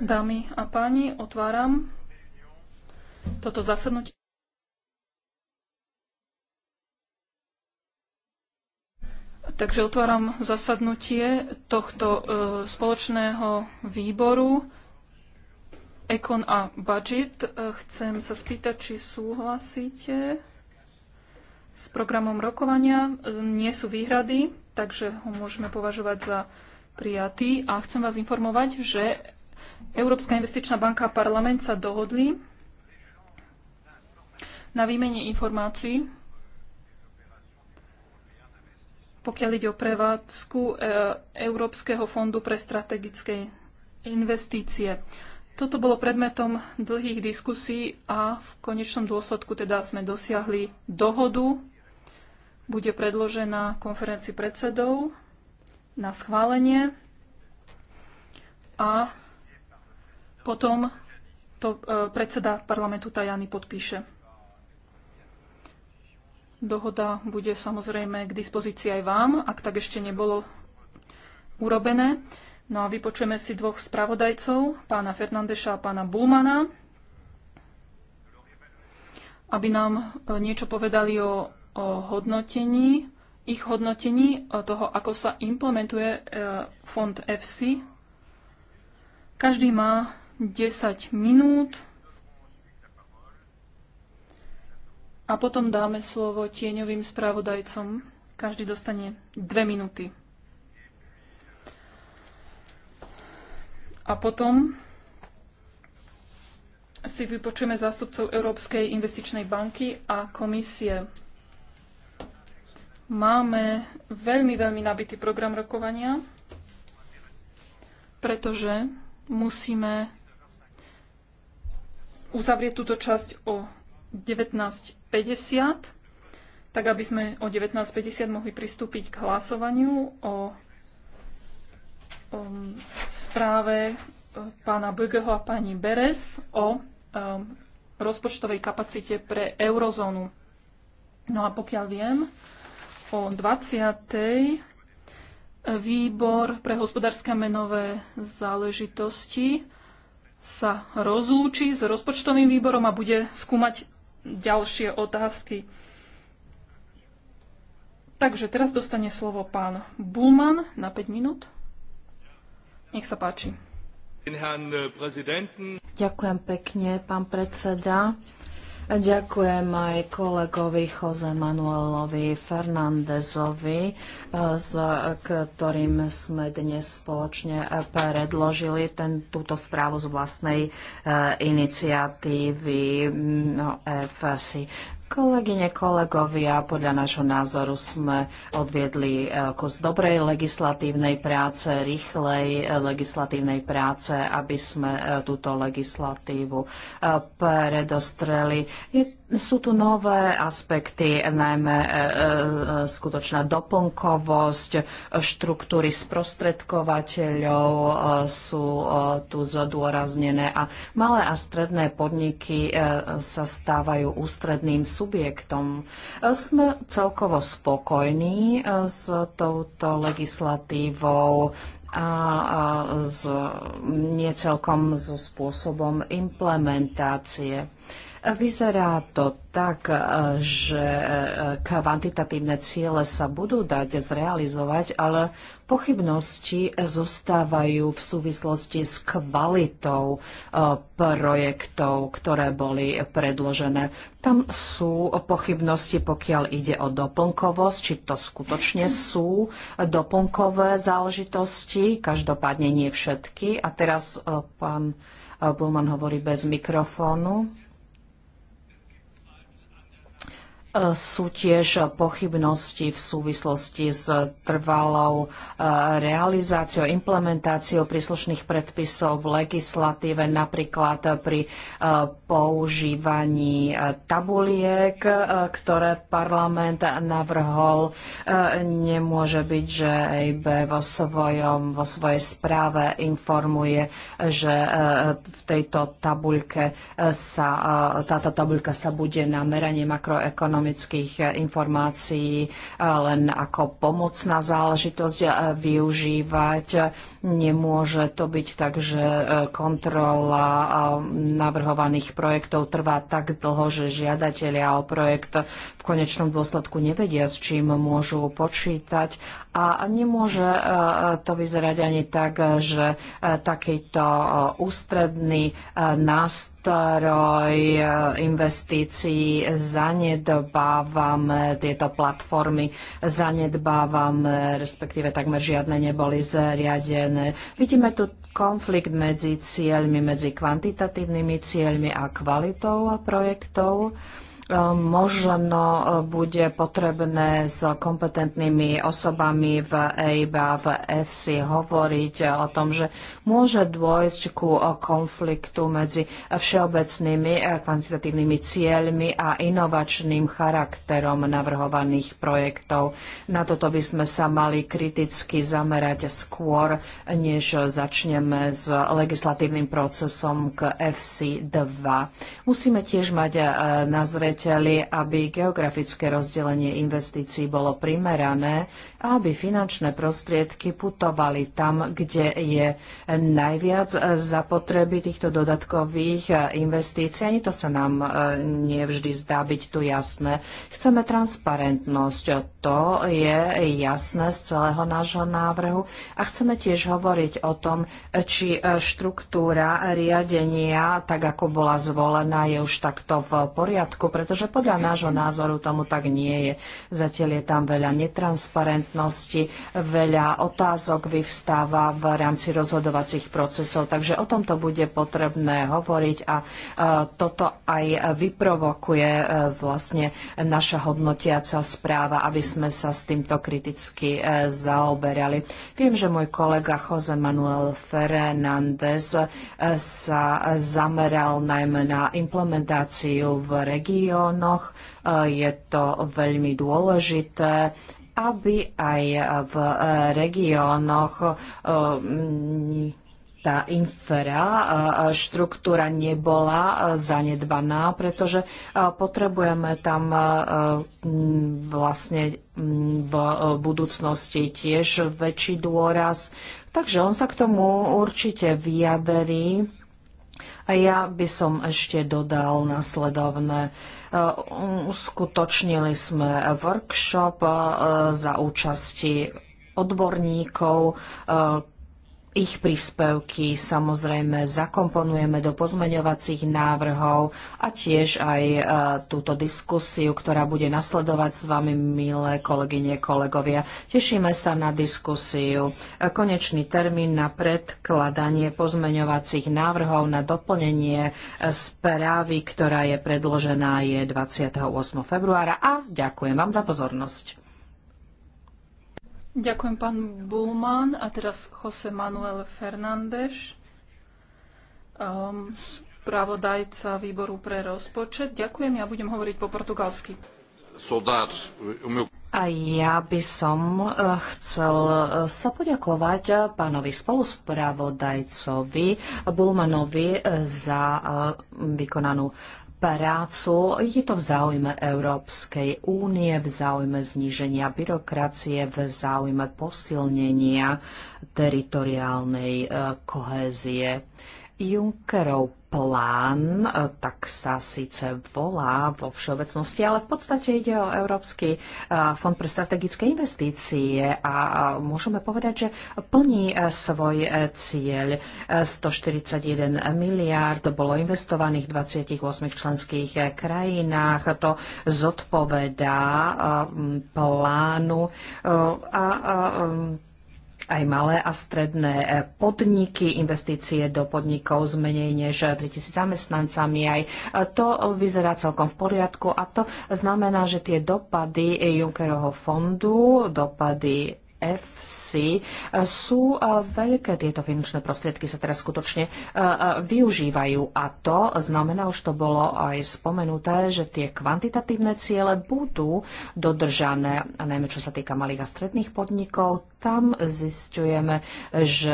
Dámy a páni, otváram toto zasadnutie. Takže otváram zasadnutie tohto e, spoločného výboru Ekon a Budget. E, chcem sa spýtať, či súhlasíte s programom rokovania. E, nie sú výhrady takže ho môžeme považovať za prijatý. A chcem vás informovať, že Európska investičná banka a parlament sa dohodli na výmene informácií, pokiaľ ide o prevádzku e, Európskeho fondu pre strategické investície. Toto bolo predmetom dlhých diskusí a v konečnom dôsledku teda sme dosiahli dohodu bude predložená konferencii predsedov na schválenie a potom to e, predseda parlamentu Tajany podpíše. Dohoda bude samozrejme k dispozícii aj vám, ak tak ešte nebolo urobené. No a vypočujeme si dvoch spravodajcov, pána Fernandeša a pána Bulmana, aby nám e, niečo povedali o o hodnotení, ich hodnotení toho, ako sa implementuje e, fond FC. Každý má 10 minút a potom dáme slovo tieňovým spravodajcom. Každý dostane 2 minúty. A potom si vypočujeme zástupcov Európskej investičnej banky a komisie. Máme veľmi, veľmi nabitý program rokovania, pretože musíme uzavrieť túto časť o 19.50, tak aby sme o 19.50 mohli pristúpiť k hlasovaniu o, o správe e, pána Bögeho a pani Beres o um, rozpočtovej kapacite pre eurozónu. No a pokiaľ viem, o 20. Výbor pre hospodárske menové záležitosti sa rozlúči s rozpočtovým výborom a bude skúmať ďalšie otázky. Takže teraz dostane slovo pán Bulman na 5 minút. Nech sa páči. Äh, Ďakujem pekne, pán predseda. Ďakujem aj kolegovi Jose Manuelovi Fernandezovi, eh, s ktorým sme dnes spoločne predložili ten, túto správu z vlastnej eh, iniciatívy EFSI. No, Kolegyne, kolegovia, podľa nášho názoru sme odviedli e, kus dobrej legislatívnej práce, rýchlej e, legislatívnej práce, aby sme e, túto legislatívu predostreli. Je sú tu nové aspekty, najmä e, e, skutočná doplnkovosť, štruktúry sprostredkovateľov e, sú tu zdôraznené a malé a stredné podniky sa stávajú ústredným subjektom. Sme celkovo spokojní s touto legislatívou a s, nie celkom so spôsobom implementácie. Vyzerá to tak, e, že e, kvantitatívne ciele sa budú dať zrealizovať, ale pochybnosti zostávajú v súvislosti s kvalitou e, projektov, ktoré boli predložené. Tam sú pochybnosti, pokiaľ ide o doplnkovosť, či to skutočne sú doplnkové záležitosti, každopádne nie všetky. A teraz pán Bulman hovorí bez mikrofónu. E, sú tiež pochybnosti v súvislosti s trvalou e, realizáciou, implementáciou príslušných predpisov v legislatíve, napríklad pri e, používaní tabuliek, ktoré parlament navrhol. Nemôže byť, že EIB vo, svojom, vo svojej správe informuje, že v tejto tabuľke sa, táto tabuľka sa bude na meranie makroekonomie ekonomických eh, informácií eh, len ako pomocná záležitosť eh, využívať. Nemôže to byť tak, že kontrola navrhovaných projektov trvá tak dlho, že žiadatelia o projekt v konečnom dôsledku nevedia, s čím môžu počítať a nemôže to vyzerať ani tak, že takýto ústredný nástroj investícií zanedbá zanedbávame tieto platformy, zanedbávame, respektíve takmer žiadne neboli zriadené. Vidíme tu konflikt medzi cieľmi, medzi kvantitatívnymi cieľmi a kvalitou projektov možno eh, bude potrebné s kompetentnými osobami v EIB a v FC hovoriť eh, o tom, že môže dôjsť ku eh, konfliktu medzi všeobecnými kvantitatívnymi cieľmi a inovačným charakterom navrhovaných projektov. Na toto by sme sa mali kriticky zamerať skôr, než začneme s legislatívnym procesom k FC 2. Musíme tiež mať na zreť chceli, aby geografické rozdelenie investícií bolo primerané a aby finančné prostriedky putovali tam, kde je najviac zapotreby týchto dodatkových investícií. Ani to sa nám e, nevždy zdá byť tu jasné. Chceme transparentnosť to je jasné z celého nášho návrhu. A chceme tiež hovoriť o tom, či e, štruktúra riadenia, tak ako bola zvolená, je už takto v poriadku, pretože podľa nášho názoru tomu tak nie je. Zatiaľ je tam veľa netransparentnosti, veľa otázok vyvstáva v rámci rozhodovacích procesov, takže o tomto bude potrebné hovoriť a e, toto aj vyprovokuje e, vlastne naša hodnotiaca správa, aby sme sa s týmto kriticky e, zaoberali. Viem, že môj kolega Jose Manuel Fernández e, sa zameral najmä na implementáciu v regiónoch. E, je to veľmi dôležité aby aj v regiónoch tá infraštruktúra nebola zanedbaná, pretože potrebujeme tam vlastne v budúcnosti tiež väčší dôraz. Takže on sa k tomu určite vyjadrí. A ja by som ešte dodal nasledovné. Uskutočnili sme workshop za účasti odborníkov, ich príspevky samozrejme zakomponujeme do pozmeňovacích návrhov a tiež aj e, túto diskusiu, ktorá bude nasledovať s vami, milé kolegyne, kolegovia. Tešíme sa na diskusiu. E, konečný termín na predkladanie pozmeňovacích návrhov na doplnenie e, správy, ktorá je predložená, je 28. februára a ďakujem vám za pozornosť. Ďakujem pán Bulman a teraz Jose Manuel Fernández, um, spravodajca výboru pre rozpočet. Ďakujem, ja budem hovoriť po portugalsky. A ja by som eh, chcel eh, sa poďakovať eh, pánovi spoluspravodajcovi Bulmanovi za vykonanú prácu. Je to v záujme Európskej únie, v záujme zníženia byrokracie, v záujme posilnenia teritoriálnej eh, kohézie. Junckerov plán, e, tak sa síce volá vo všeobecnosti, ale v podstate ide o Európsky e, fond pre strategické investície a môžeme povedať, že plní e, svoj cieľ. 141 miliárd bolo investovaných v 28 členských krajinách. To zodpovedá plánu a aj malé a stredné e, podniky, investície do podnikov s menej než 3000 e, zamestnancami. Aj e, to vyzerá celkom v poriadku a to znamená, že tie dopady Junckerovho fondu, dopady FC sú eh, veľké. Tieto finančné prostriedky sa teraz skutočne eh, eh, využívajú a to znamená, už to bolo aj spomenuté, že tie kvantitatívne ciele budú dodržané, a najmä čo sa týka malých a stredných podnikov, tam zistujeme, že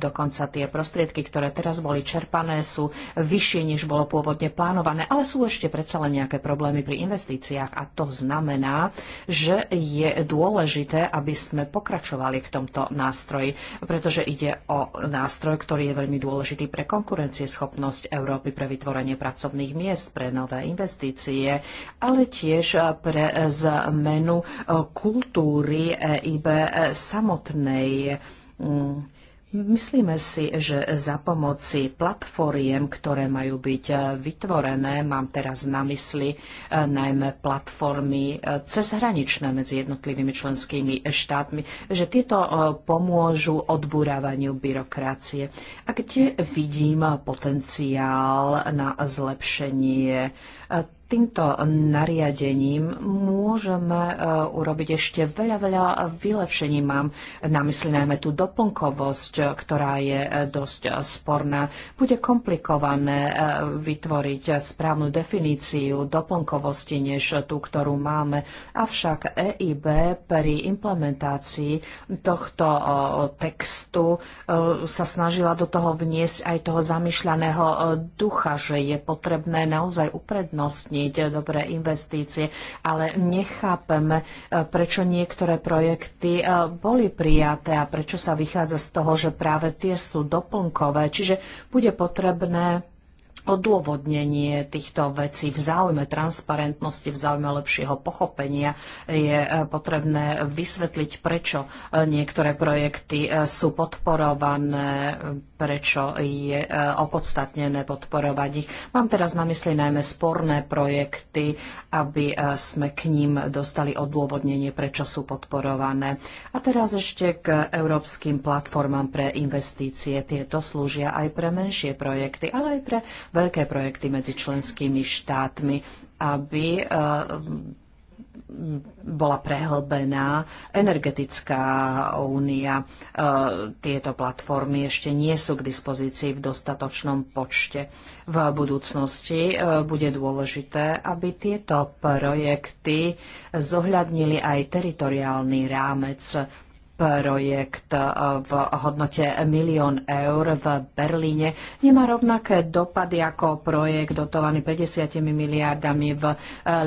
dokonca tie prostriedky, ktoré teraz boli čerpané, sú vyššie, než bolo pôvodne plánované, ale sú ešte predsa len nejaké problémy pri investíciách a to znamená, že je dôležité, aby sme pokračovali pokračovali v tomto nástroji, pretože ide o nástroj, ktorý je veľmi dôležitý pre konkurencieschopnosť Európy, pre vytvorenie pracovných miest, pre nové investície, ale tiež pre zmenu kultúry EIB samotnej. Mm. Myslíme si, že za pomoci platformiem, ktoré majú byť eh, vytvorené, mám teraz na mysli eh, najmä platformy eh, cezhraničné medzi jednotlivými členskými štátmi, že tieto pomôžu odburávaniu byrokracie. A kde vidím potenciál na zlepšenie Týmto nariadením môžeme e, urobiť ešte veľa, veľa vylepšení. Mám na mysli najmä tú doplnkovosť, ktorá je e, dosť e, sporná. Bude komplikované vytvoriť správnu definíciu doplnkovosti než tú, ktorú máme. Avšak EIB pri implementácii tohto textu sa snažila do toho vniesť aj toho zamýšľaného ducha, že je potrebné naozaj uprednúť uprednostniť dobré investície, ale nechápeme, eh, prečo niektoré projekty eh, boli prijaté a prečo sa vychádza z toho, že práve tie sú doplnkové. Čiže bude potrebné odôvodnenie týchto vecí v záujme transparentnosti, v záujme lepšieho pochopenia je e, potrebné vysvetliť, prečo e, niektoré projekty e, sú podporované, prečo je opodstatnené podporovať ich. Mám teraz na mysli najmä sporné projekty, aby sme k ním dostali odôvodnenie, prečo sú podporované. A teraz ešte k európskym platformám pre investície. Tieto slúžia aj pre menšie projekty, ale aj pre veľké projekty medzi členskými štátmi, aby e, bola prehlbená energetická únia. E, tieto platformy ešte nie sú k dispozícii v dostatočnom počte. V budúcnosti e, bude dôležité, aby tieto projekty zohľadnili aj teritoriálny rámec projekt e, v hodnote milión eur v Berlíne nemá rovnaké dopady ako projekt dotovaný 50 miliardami v e,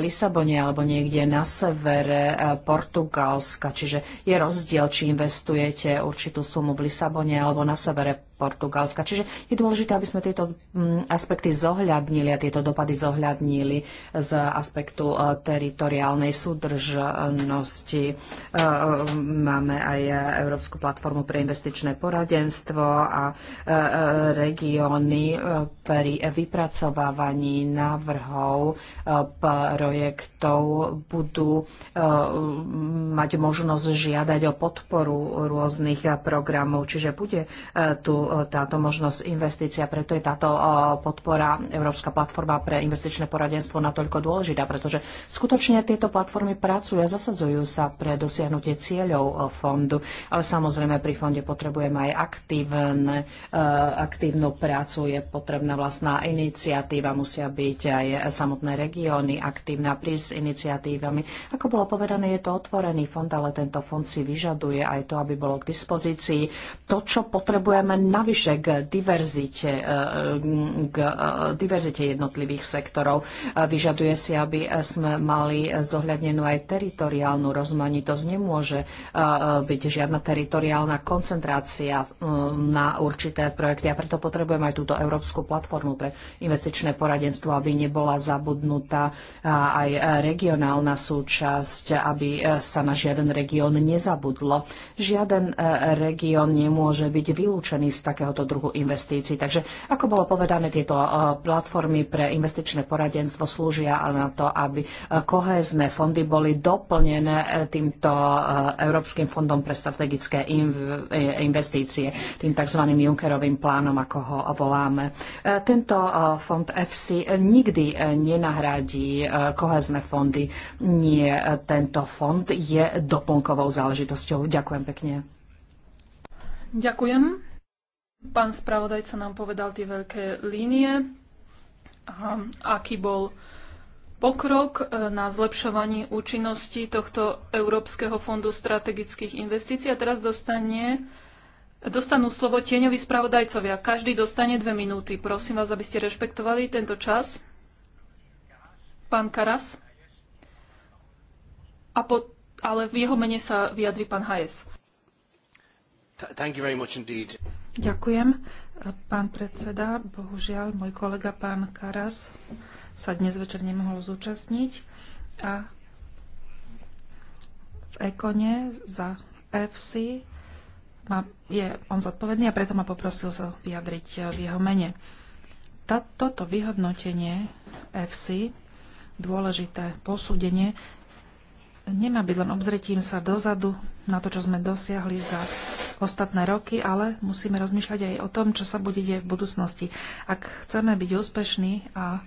Lisabone alebo niekde na severe e, Portugalska. Čiže je rozdiel, či investujete určitú sumu v Lisabone alebo na severe Portugalska. Čiže je dôležité, aby sme tieto mm, aspekty zohľadnili a tieto dopady zohľadnili z aspektu e, teritoriálnej súdržnosti. E, e, máme aj Európsku platformu pre investičné poradenstvo a regióny pri vypracovávaní návrhov projektov budú mať možnosť žiadať o podporu rôznych programov, čiže bude tu E, táto možnosť investícia. Preto je táto e, podpora Európska platforma pre investičné poradenstvo natoľko dôležitá, pretože skutočne tieto platformy pracujú a zasadzujú sa pre dosiahnutie cieľov e, fondu. Ale samozrejme pri fonde potrebujeme aj aktívne, aktívnu prácu, je potrebná vlastná iniciatíva, musia byť aj samotné regióny aktívne a prísť s iniciatívami. Ako bolo povedané, je to otvorený fond, ale tento fond si vyžaduje aj to, aby bolo k dispozícii to, čo potrebujeme na navyše e, e, k diverzite, k diverzite jednotlivých sektorov. Vyžaduje si, aby sme mali zohľadnenú aj teritoriálnu rozmanitosť. Nemôže e, byť žiadna teritoriálna koncentrácia na určité projekty a preto potrebujeme aj túto európsku platformu pre investičné poradenstvo, aby nebola zabudnutá aj regionálna súčasť, aby sa na žiaden región nezabudlo. Žiaden región nemôže byť vylúčený z takéhoto druhu investícií. Takže ako bolo povedané, tieto e, platformy pre investičné poradenstvo slúžia na to, aby e, kohézne fondy boli doplnené e, týmto Európskym fondom pre strategické investície, tým tzv. Junckerovým plánom, ako ho voláme. Tento fond FC nikdy nenahradí kohézne fondy. Nie, tento fond je doplnkovou záležitosťou. Ďakujem pekne. Ďakujem. Pán spravodajca nám povedal tie veľké línie, aký bol pokrok e, na zlepšovaní účinnosti tohto Európskeho fondu strategických investícií. A teraz dostane, dostanú slovo tieňoví spravodajcovia. Každý dostane dve minúty. Prosím vás, aby ste rešpektovali tento čas. Pán Karas. A po, ale v jeho mene sa vyjadri pán Hayes. Thank you very much indeed. Ďakujem. Pán predseda, bohužiaľ, môj kolega pán Karas sa dnes večer nemohol zúčastniť a v Ekone za FC má, je on zodpovedný a preto ma poprosil sa vyjadriť e, v jeho mene. toto vyhodnotenie FC, dôležité posúdenie, nemá byť len obzretím sa dozadu na to, čo sme dosiahli za ostatné roky, ale musíme rozmýšľať aj o tom, čo sa bude deť v budúcnosti. Ak chceme byť úspešní a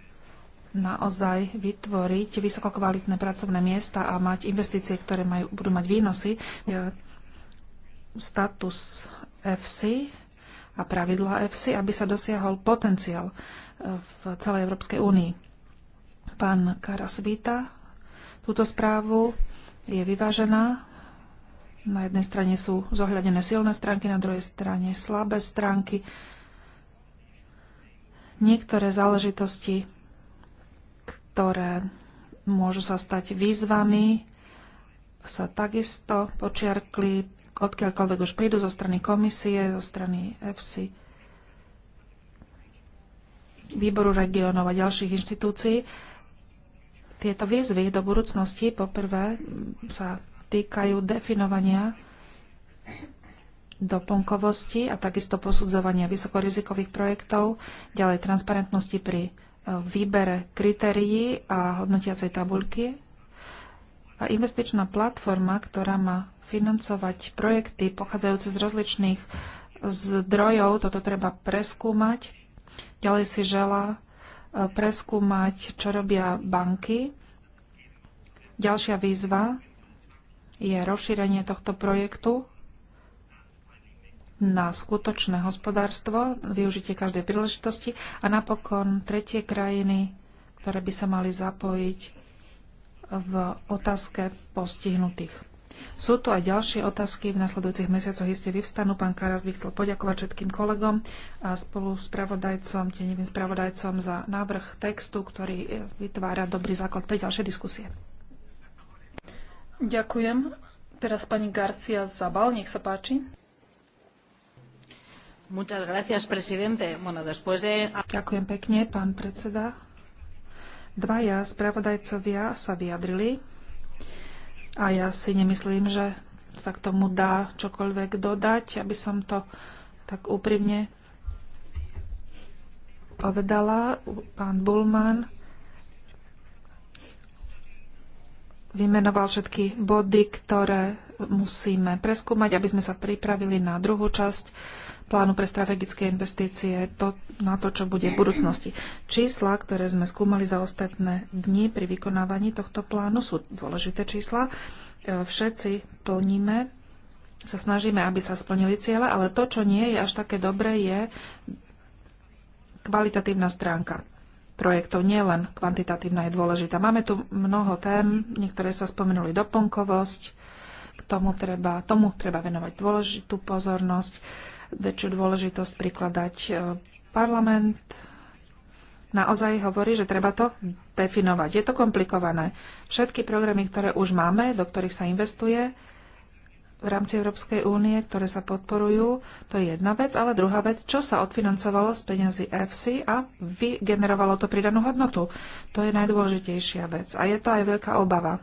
naozaj vytvoriť vysokokvalitné pracovné miesta a mať investície, ktoré majú, budú mať výnosy, status FC a pravidla FC, aby sa dosiahol potenciál e, v celej Európskej únii. Pán Karas víta túto správu je vyvážená. Na jednej strane sú zohľadené silné stránky, na druhej strane slabé stránky. Niektoré záležitosti, ktoré môžu sa stať výzvami, sa takisto počiarkli, odkiaľkoľvek už prídu zo strany komisie, zo strany EFSI, výboru regionov a ďalších inštitúcií. Tieto výzvy do budúcnosti poprvé sa týkajú definovania doplnkovosti a takisto posudzovania vysokorizikových projektov, ďalej transparentnosti pri e, výbere kritérií a hodnotiacej tabuľky a investičná platforma, ktorá má financovať projekty pochádzajúce z rozličných zdrojov, toto treba preskúmať. Ďalej si žela preskúmať, čo robia banky. Ďalšia výzva je rozšírenie tohto projektu na skutočné hospodárstvo, využitie každej príležitosti a napokon tretie krajiny, ktoré by sa mali zapojiť v otázke postihnutých. Sú tu aj ďalšie otázky. V nasledujúcich mesiacoch iste vyvstanú. Pán Karas by chcel poďakovať všetkým kolegom a spolu s pravodajcom, tenivým spravodajcom za návrh textu, ktorý e, vytvára dobrý základ pre ďalšie diskusie. Ďakujem. Teraz pani Garcia Zabal, nech sa páči. Gracias, bueno, de... Ďakujem pekne, pán predseda. Dvaja spravodajcovia sa vyjadrili a ja si nemyslím, že sa k tomu dá čokoľvek dodať, aby som to tak úprimne povedala. Pán Bulman vymenoval všetky body, ktoré musíme preskúmať, aby sme sa pripravili na druhú časť plánu pre strategické investície to, na to, čo bude v budúcnosti. Čísla, ktoré sme skúmali za ostatné dni pri vykonávaní tohto plánu, sú dôležité čísla. E, všetci plníme, sa snažíme, aby sa splnili ciele, ale to, čo nie je až také dobré, je kvalitatívna stránka projektov, nielen kvantitatívna je dôležitá. Máme tu mnoho tém, niektoré sa spomenuli doplnkovosť, k tomu treba, tomu treba venovať dôležitú pozornosť väčšiu dôležitosť prikladať e, parlament. Naozaj hovorí, že treba to definovať. Je to komplikované. Všetky programy, ktoré už máme, do ktorých sa investuje v rámci Európskej únie, ktoré sa podporujú, to je jedna vec, ale druhá vec, čo sa odfinancovalo z peňazí EFSI a vygenerovalo to pridanú hodnotu. To je najdôležitejšia vec a je to aj veľká obava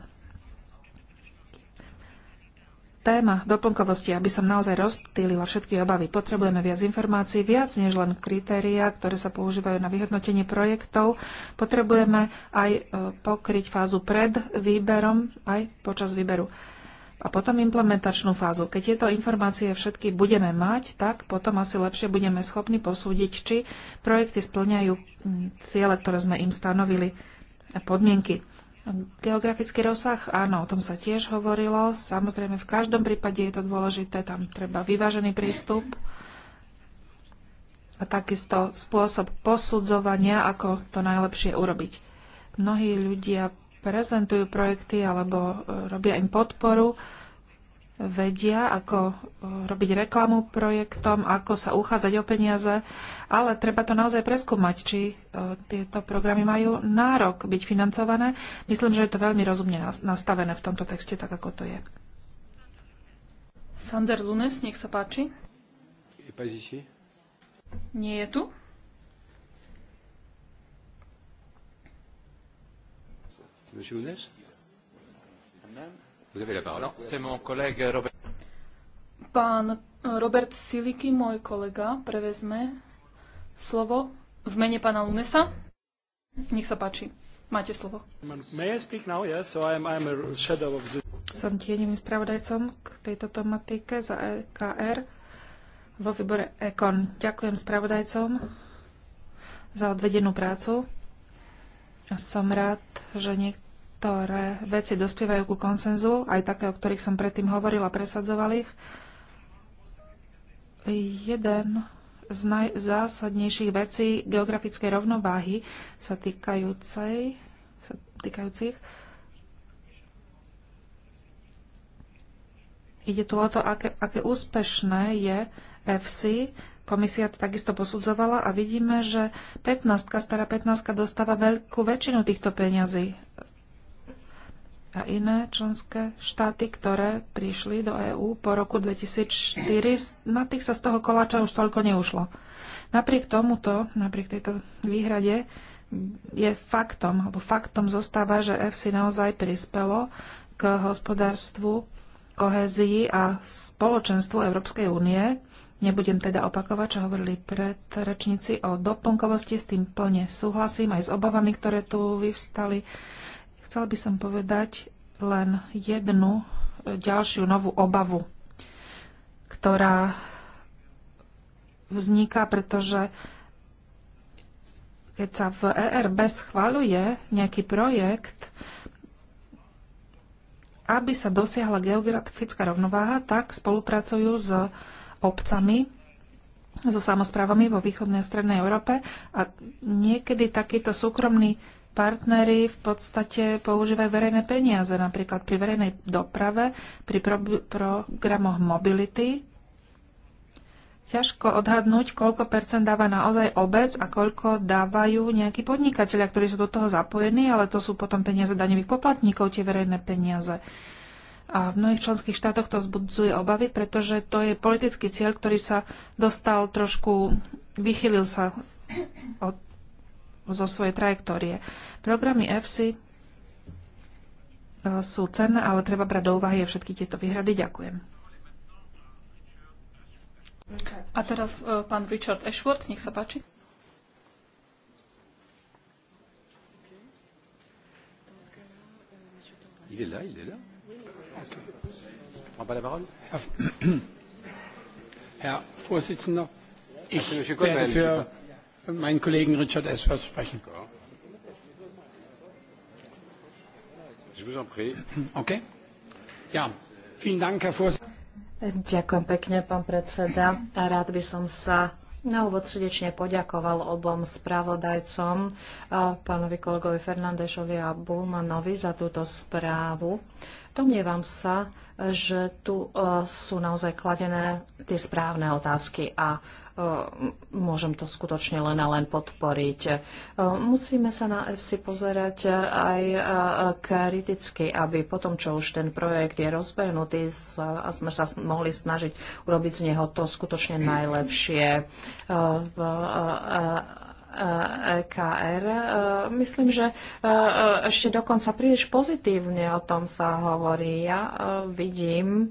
téma doplnkovosti, aby som naozaj rozptýlila všetky obavy. Potrebujeme viac informácií, viac než len kritériá, ktoré sa používajú na vyhodnotenie projektov. Potrebujeme aj e, pokryť fázu pred výberom, aj počas výberu. A potom implementačnú fázu. Keď tieto informácie všetky budeme mať, tak potom asi lepšie budeme schopní posúdiť, či projekty splňajú ciele, ktoré sme im stanovili podmienky. Geografický rozsah, áno, o tom sa tiež hovorilo. Samozrejme, v každom prípade je to dôležité, tam treba vyvážený prístup a takisto spôsob posudzovania, ako to najlepšie urobiť. Mnohí ľudia prezentujú projekty alebo eh, robia im podporu, vedia, ako eh, robiť reklamu projektom, ako sa uchádzať o peniaze, ale treba to naozaj preskúmať, či eh, tieto programy majú nárok byť financované. Myslím, že je to veľmi rozumne nastavené v tomto texte, tak ako to je. Sander Lunes, nech sa páči. Nie je tu? Monsieur Lunes? Madame Vous avez la parole. c'est mon collègue euh, Robert. Pán eh, Robert Siliky, môj kolega, prevezme slovo v mene pána Lunesa. Nech sa páči. Máte slovo. Yeah, so I'm, the... Som tieňovým spravodajcom k tejto tematike za EKR vo výbore EKON. Ďakujem spravodajcom za odvedenú prácu. A som rád, že niekto ktoré veci dospievajú ku konsenzu, aj také, o ktorých som predtým hovorila, presadzoval ich. Jeden z najzásadnejších vecí geografickej rovnováhy sa, týkajúcej, sa týkajúcich. Ide tu o to, aké, aké úspešné je FC. Komisia to takisto posudzovala a vidíme, že 15, stará 15 dostáva veľkú väčšinu týchto peňazí a iné členské štáty, ktoré prišli do EÚ po roku 2004, na tých sa z toho koláča už toľko neušlo. Napriek tomuto, napriek tejto výhrade, je faktom, alebo faktom zostáva, že EFSI naozaj prispelo k hospodárstvu, kohezii a spoločenstvu Európskej únie. Nebudem teda opakovať, čo hovorili predrečníci o doplnkovosti, s tým plne súhlasím aj s obavami, ktoré tu vyvstali Chcela by som povedať len jednu e, ďalšiu novú obavu, ktorá vzniká, pretože keď sa v ERB schvaľuje nejaký projekt, aby sa dosiahla geografická rovnováha, tak spolupracujú s obcami, so samozprávami vo východnej a strednej Európe a niekedy takýto súkromný partnery v podstate používajú verejné peniaze, napríklad pri verejnej doprave, pri pro- programoch mobility. Ťažko odhadnúť, koľko percent dáva naozaj obec a koľko dávajú nejakí podnikatelia, ktorí sú do toho zapojení, ale to sú potom peniaze daňových poplatníkov, tie verejné peniaze. A v mnohých členských štátoch to zbudzuje obavy, pretože to je politický cieľ, ktorý sa dostal trošku, vychylil sa od zo svojej trajektórie. Programy EFSI sú cenné, ale treba brať do úvahy všetky tieto výhrady. Ďakujem. A teraz e, pán Richard Ashworth, nech sa páči. Il est là, il est là. Okay. Prends pas la parole. Herr Vorsitzender, ich werde für meinen Kollegen Richard sprechen. Ja, vielen Dank, Herr Ďakujem pekne, pán predseda. Rád by som sa na úvod srdečne poďakoval obom spravodajcom, pánovi kolegovi Fernandešovi a Bulmanovi za túto správu. Domnievam sa, že tu e, sú naozaj kladené tie správne otázky a e, môžem to skutočne len a len podporiť. E, musíme sa na EFSI pozerať aj kriticky, aby potom, čo už ten projekt je rozbehnutý, sme sa mohli snažiť urobiť z neho to skutočne najlepšie. EKR. E, myslím, že e, e, ešte dokonca príliš pozitívne o tom sa hovorí. Ja vidím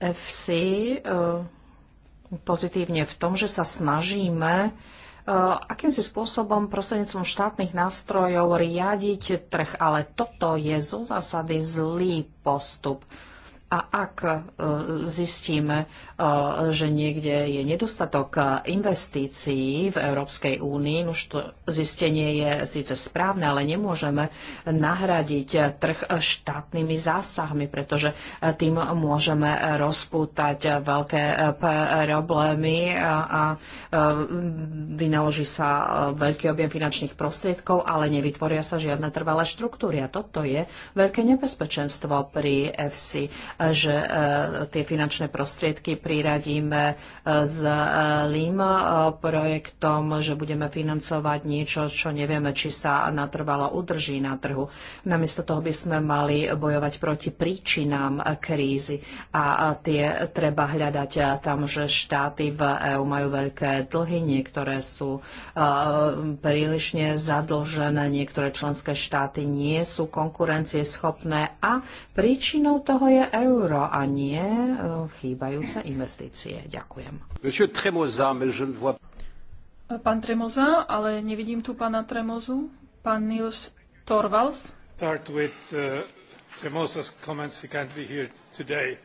FC pozitívne v tom, že sa snažíme akýmsi spôsobom prostredníctvom štátnych nástrojov riadiť trh, ale toto je zo zásady zlý postup. A ak zistíme, že niekde je nedostatok investícií v Európskej únii. Už to zistenie je síce správne, ale nemôžeme nahradiť trh štátnymi zásahmi, pretože tým môžeme rozpútať veľké problémy a vynaloží sa veľký objem finančných prostriedkov, ale nevytvoria sa žiadne trvalé štruktúry. A toto je veľké nebezpečenstvo pri FC, že e, tie finančné prostriedky pri priradíme s e, LIM e, projektom, že budeme financovať niečo, čo nevieme, či sa natrvalo udrží na trhu. Namiesto toho by sme mali bojovať proti príčinám krízy a tie treba hľadať e, tam, že štáty v EÚ majú veľké dlhy, niektoré sú prílišne zadlžené, niektoré členské štáty nie sú konkurencieschopné a príčinou toho je euro a nie chýbajúce investície investície. Ďakujem. Pán Tremoza, ale nevidím tu pána Tremozu. Pán Nils Torvalds. Start with uh, Tremoza's comments he can't be here today.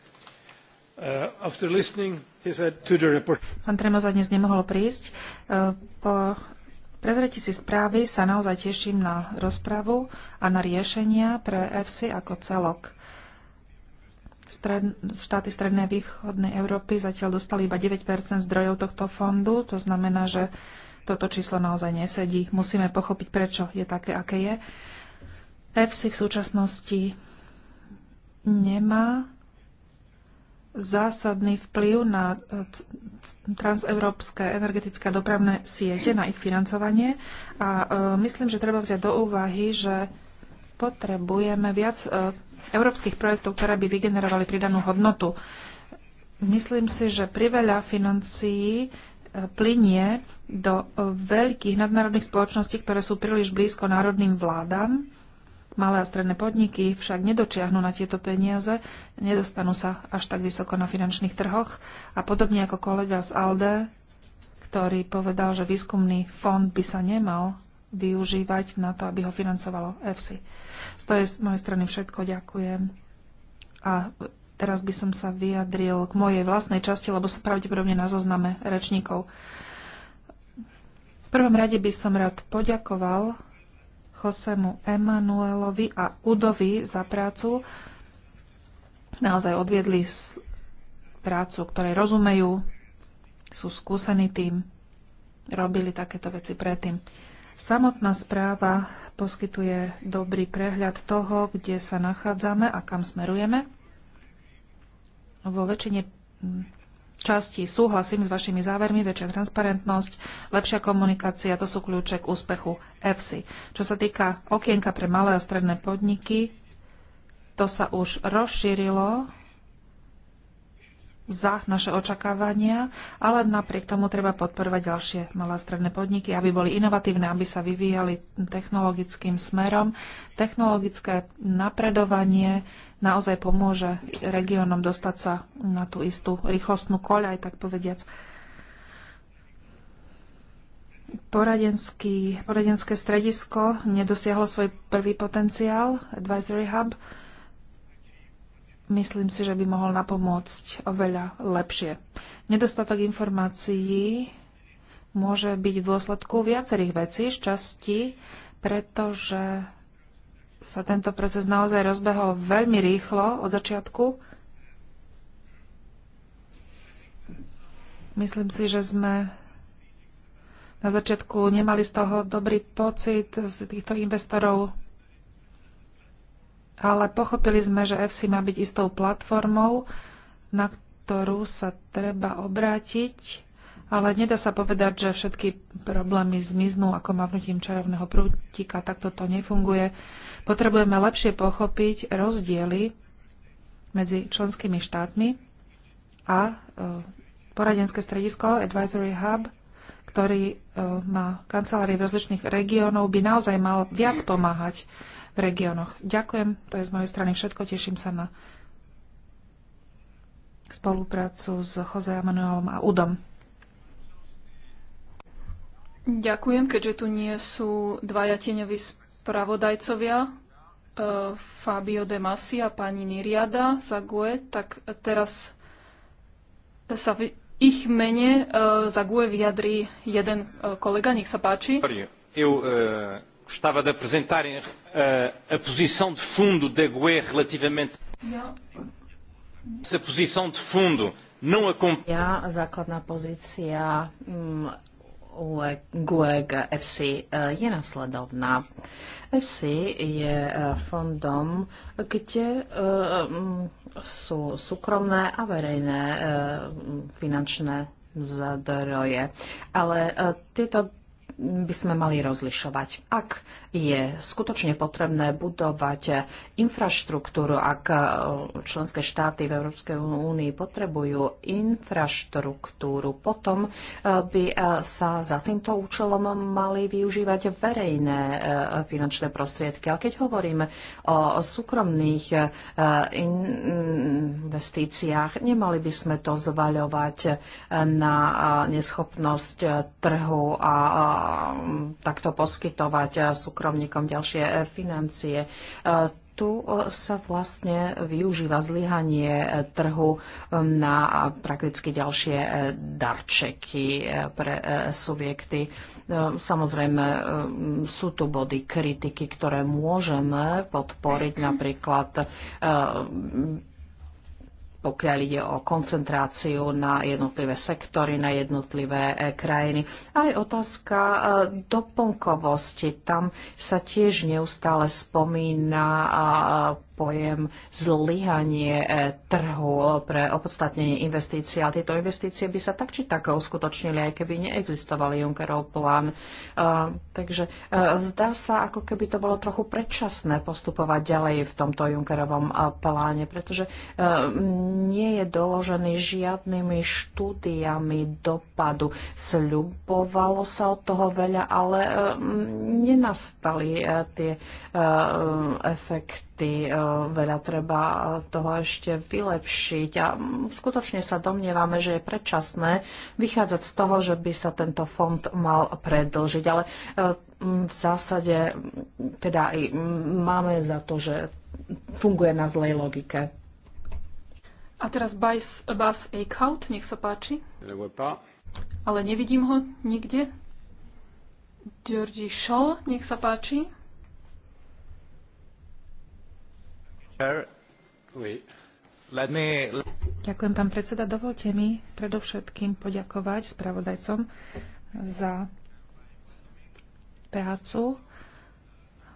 Uh, after listening, he said to the report. Pán Tremoza dnes nemohol prísť. Uh, po prezretí si správy sa naozaj teším na rozpravu a na riešenia pre EFSI ako celok. Stred, štáty Strednej a Východnej Európy zatiaľ dostali iba 9 zdrojov tohto fondu. To znamená, že toto číslo naozaj nesedí. Musíme pochopiť, prečo je také, aké je. EFSI v súčasnosti nemá zásadný vplyv na transeurópske energetické dopravné siete, na ich financovanie. A e, myslím, že treba vziať do úvahy, že potrebujeme viac e, európskych projektov, ktoré by vygenerovali pridanú hodnotu. Myslím si, že priveľa financií e, plinie do e, veľkých nadnárodných spoločností, ktoré sú príliš blízko národným vládam. Malé a stredné podniky však nedočiahnu na tieto peniaze, nedostanú sa až tak vysoko na finančných trhoch. A podobne ako kolega z ALDE, ktorý povedal, že výskumný fond by sa nemal využívať na to, aby ho financovalo EFSI. To je z mojej strany všetko. Ďakujem. A teraz by som sa vyjadril k mojej vlastnej časti, lebo sa pravdepodobne na zozname rečníkov. V prvom rade by som rád poďakoval Josemu Emanuelovi a Udovi za prácu. Naozaj odviedli prácu, ktoré rozumejú, sú skúsení tým, robili takéto veci predtým. Samotná správa poskytuje dobrý prehľad toho, kde sa nachádzame a kam smerujeme. Vo väčšine mm, časti súhlasím s vašimi závermi, väčšia transparentnosť, lepšia komunikácia, to sú kľúče k úspechu EFSI. Čo sa týka okienka pre malé a stredné podniky, to sa už rozšírilo za naše očakávania, ale napriek tomu treba podporovať ďalšie malé stredné podniky, aby boli inovatívne, aby sa vyvíjali technologickým smerom. Technologické napredovanie naozaj pomôže regiónom dostať sa na tú istú rýchlostnú koľaj, tak povediac. Poradenský, poradenské stredisko nedosiahlo svoj prvý potenciál, Advisory Hub, myslím si, že by mohol napomôcť oveľa lepšie. Nedostatok informácií môže byť v dôsledku viacerých vecí, z časti, pretože sa tento proces naozaj rozbehol veľmi rýchlo od začiatku. Myslím si, že sme na začiatku nemali z toho dobrý pocit z týchto investorov ale pochopili sme, že FC má byť istou platformou, na ktorú sa treba obrátiť, ale nedá sa povedať, že všetky problémy zmiznú ako mavnutím čarovného prútika, tak toto nefunguje. Potrebujeme lepšie pochopiť rozdiely medzi členskými štátmi a e, poradenské stredisko Advisory Hub, ktorý e, má kancelárie v rozličných regiónov, by naozaj mal viac pomáhať regiónoch. Ďakujem, to je z mojej strany všetko. Teším sa na spoluprácu s Jose Manuelom a Udom. Ďakujem, keďže tu nie sú dvaja tieňoví spravodajcovia, e, Fabio De Masi a pani Niriada Zague, tak teraz sa v ich mene e, Zague vyjadrí jeden e, kolega, nech sa páči. Eu, uh gostava de apresentar a, eh, a posição de fundo da GUE relativamente. Essa posição de fundo não acompanha. A základná pozícia um, mm, GUE FC FC eh, je nasledovná. FC je eh, fondom, kde um, sú súkromné a verejné um, finančné zdroje. Ale tieto by sme mali rozlišovať. Ak je skutočne potrebné budovať infraštruktúru, ak e, členské štáty v Európskej únii potrebujú infraštruktúru, potom e, by e, sa za týmto účelom mali využívať verejné finančné prostriedky. Ale keď hovoríme o súkromných investíciách, nemali by sme to zvaľovať na neschopnosť trhu a takto poskytovať eh, súkromníkom ďalšie eh, financie eh, tu sa vlastne využíva zlyhanie trhu na prakticky ďalšie darčeky pre subjekty. Samozrejme, sú tu body kritiky, ktoré môžeme podporiť, napríklad pokiaľ ide o koncentráciu na jednotlivé sektory, na jednotlivé e, krajiny. Aj otázka e, doplnkovosti. Tam sa tiež neustále spomína pojem zlyhanie eh, trhu eh, pre opodstatnenie investícií. A tieto investície by sa tak či tak uskutočnili, aj keby neexistoval Junckerov plán. Uh, takže uh, zdá sa, ako keby to bolo trochu predčasné postupovať ďalej v tomto Junckerovom pláne, pretože uh, nie je doložený žiadnymi štúdiami dopadu. Sľubovalo sa od toho veľa, ale nenastali tie efekty projekty, e, veľa treba toho ešte vylepšiť a skutočne sa domnievame, že je predčasné vychádzať z toho, že by sa tento fond mal predlžiť, ale e, v zásade teda aj máme za to, že funguje na zlej logike. A teraz Bas, Bas Eichhout, nech sa páči. Ale nevidím ho nikde. Georgi Scholl, nech sa páči. Ďakujem, pán predseda. Dovolte mi predovšetkým poďakovať spravodajcom za prácu.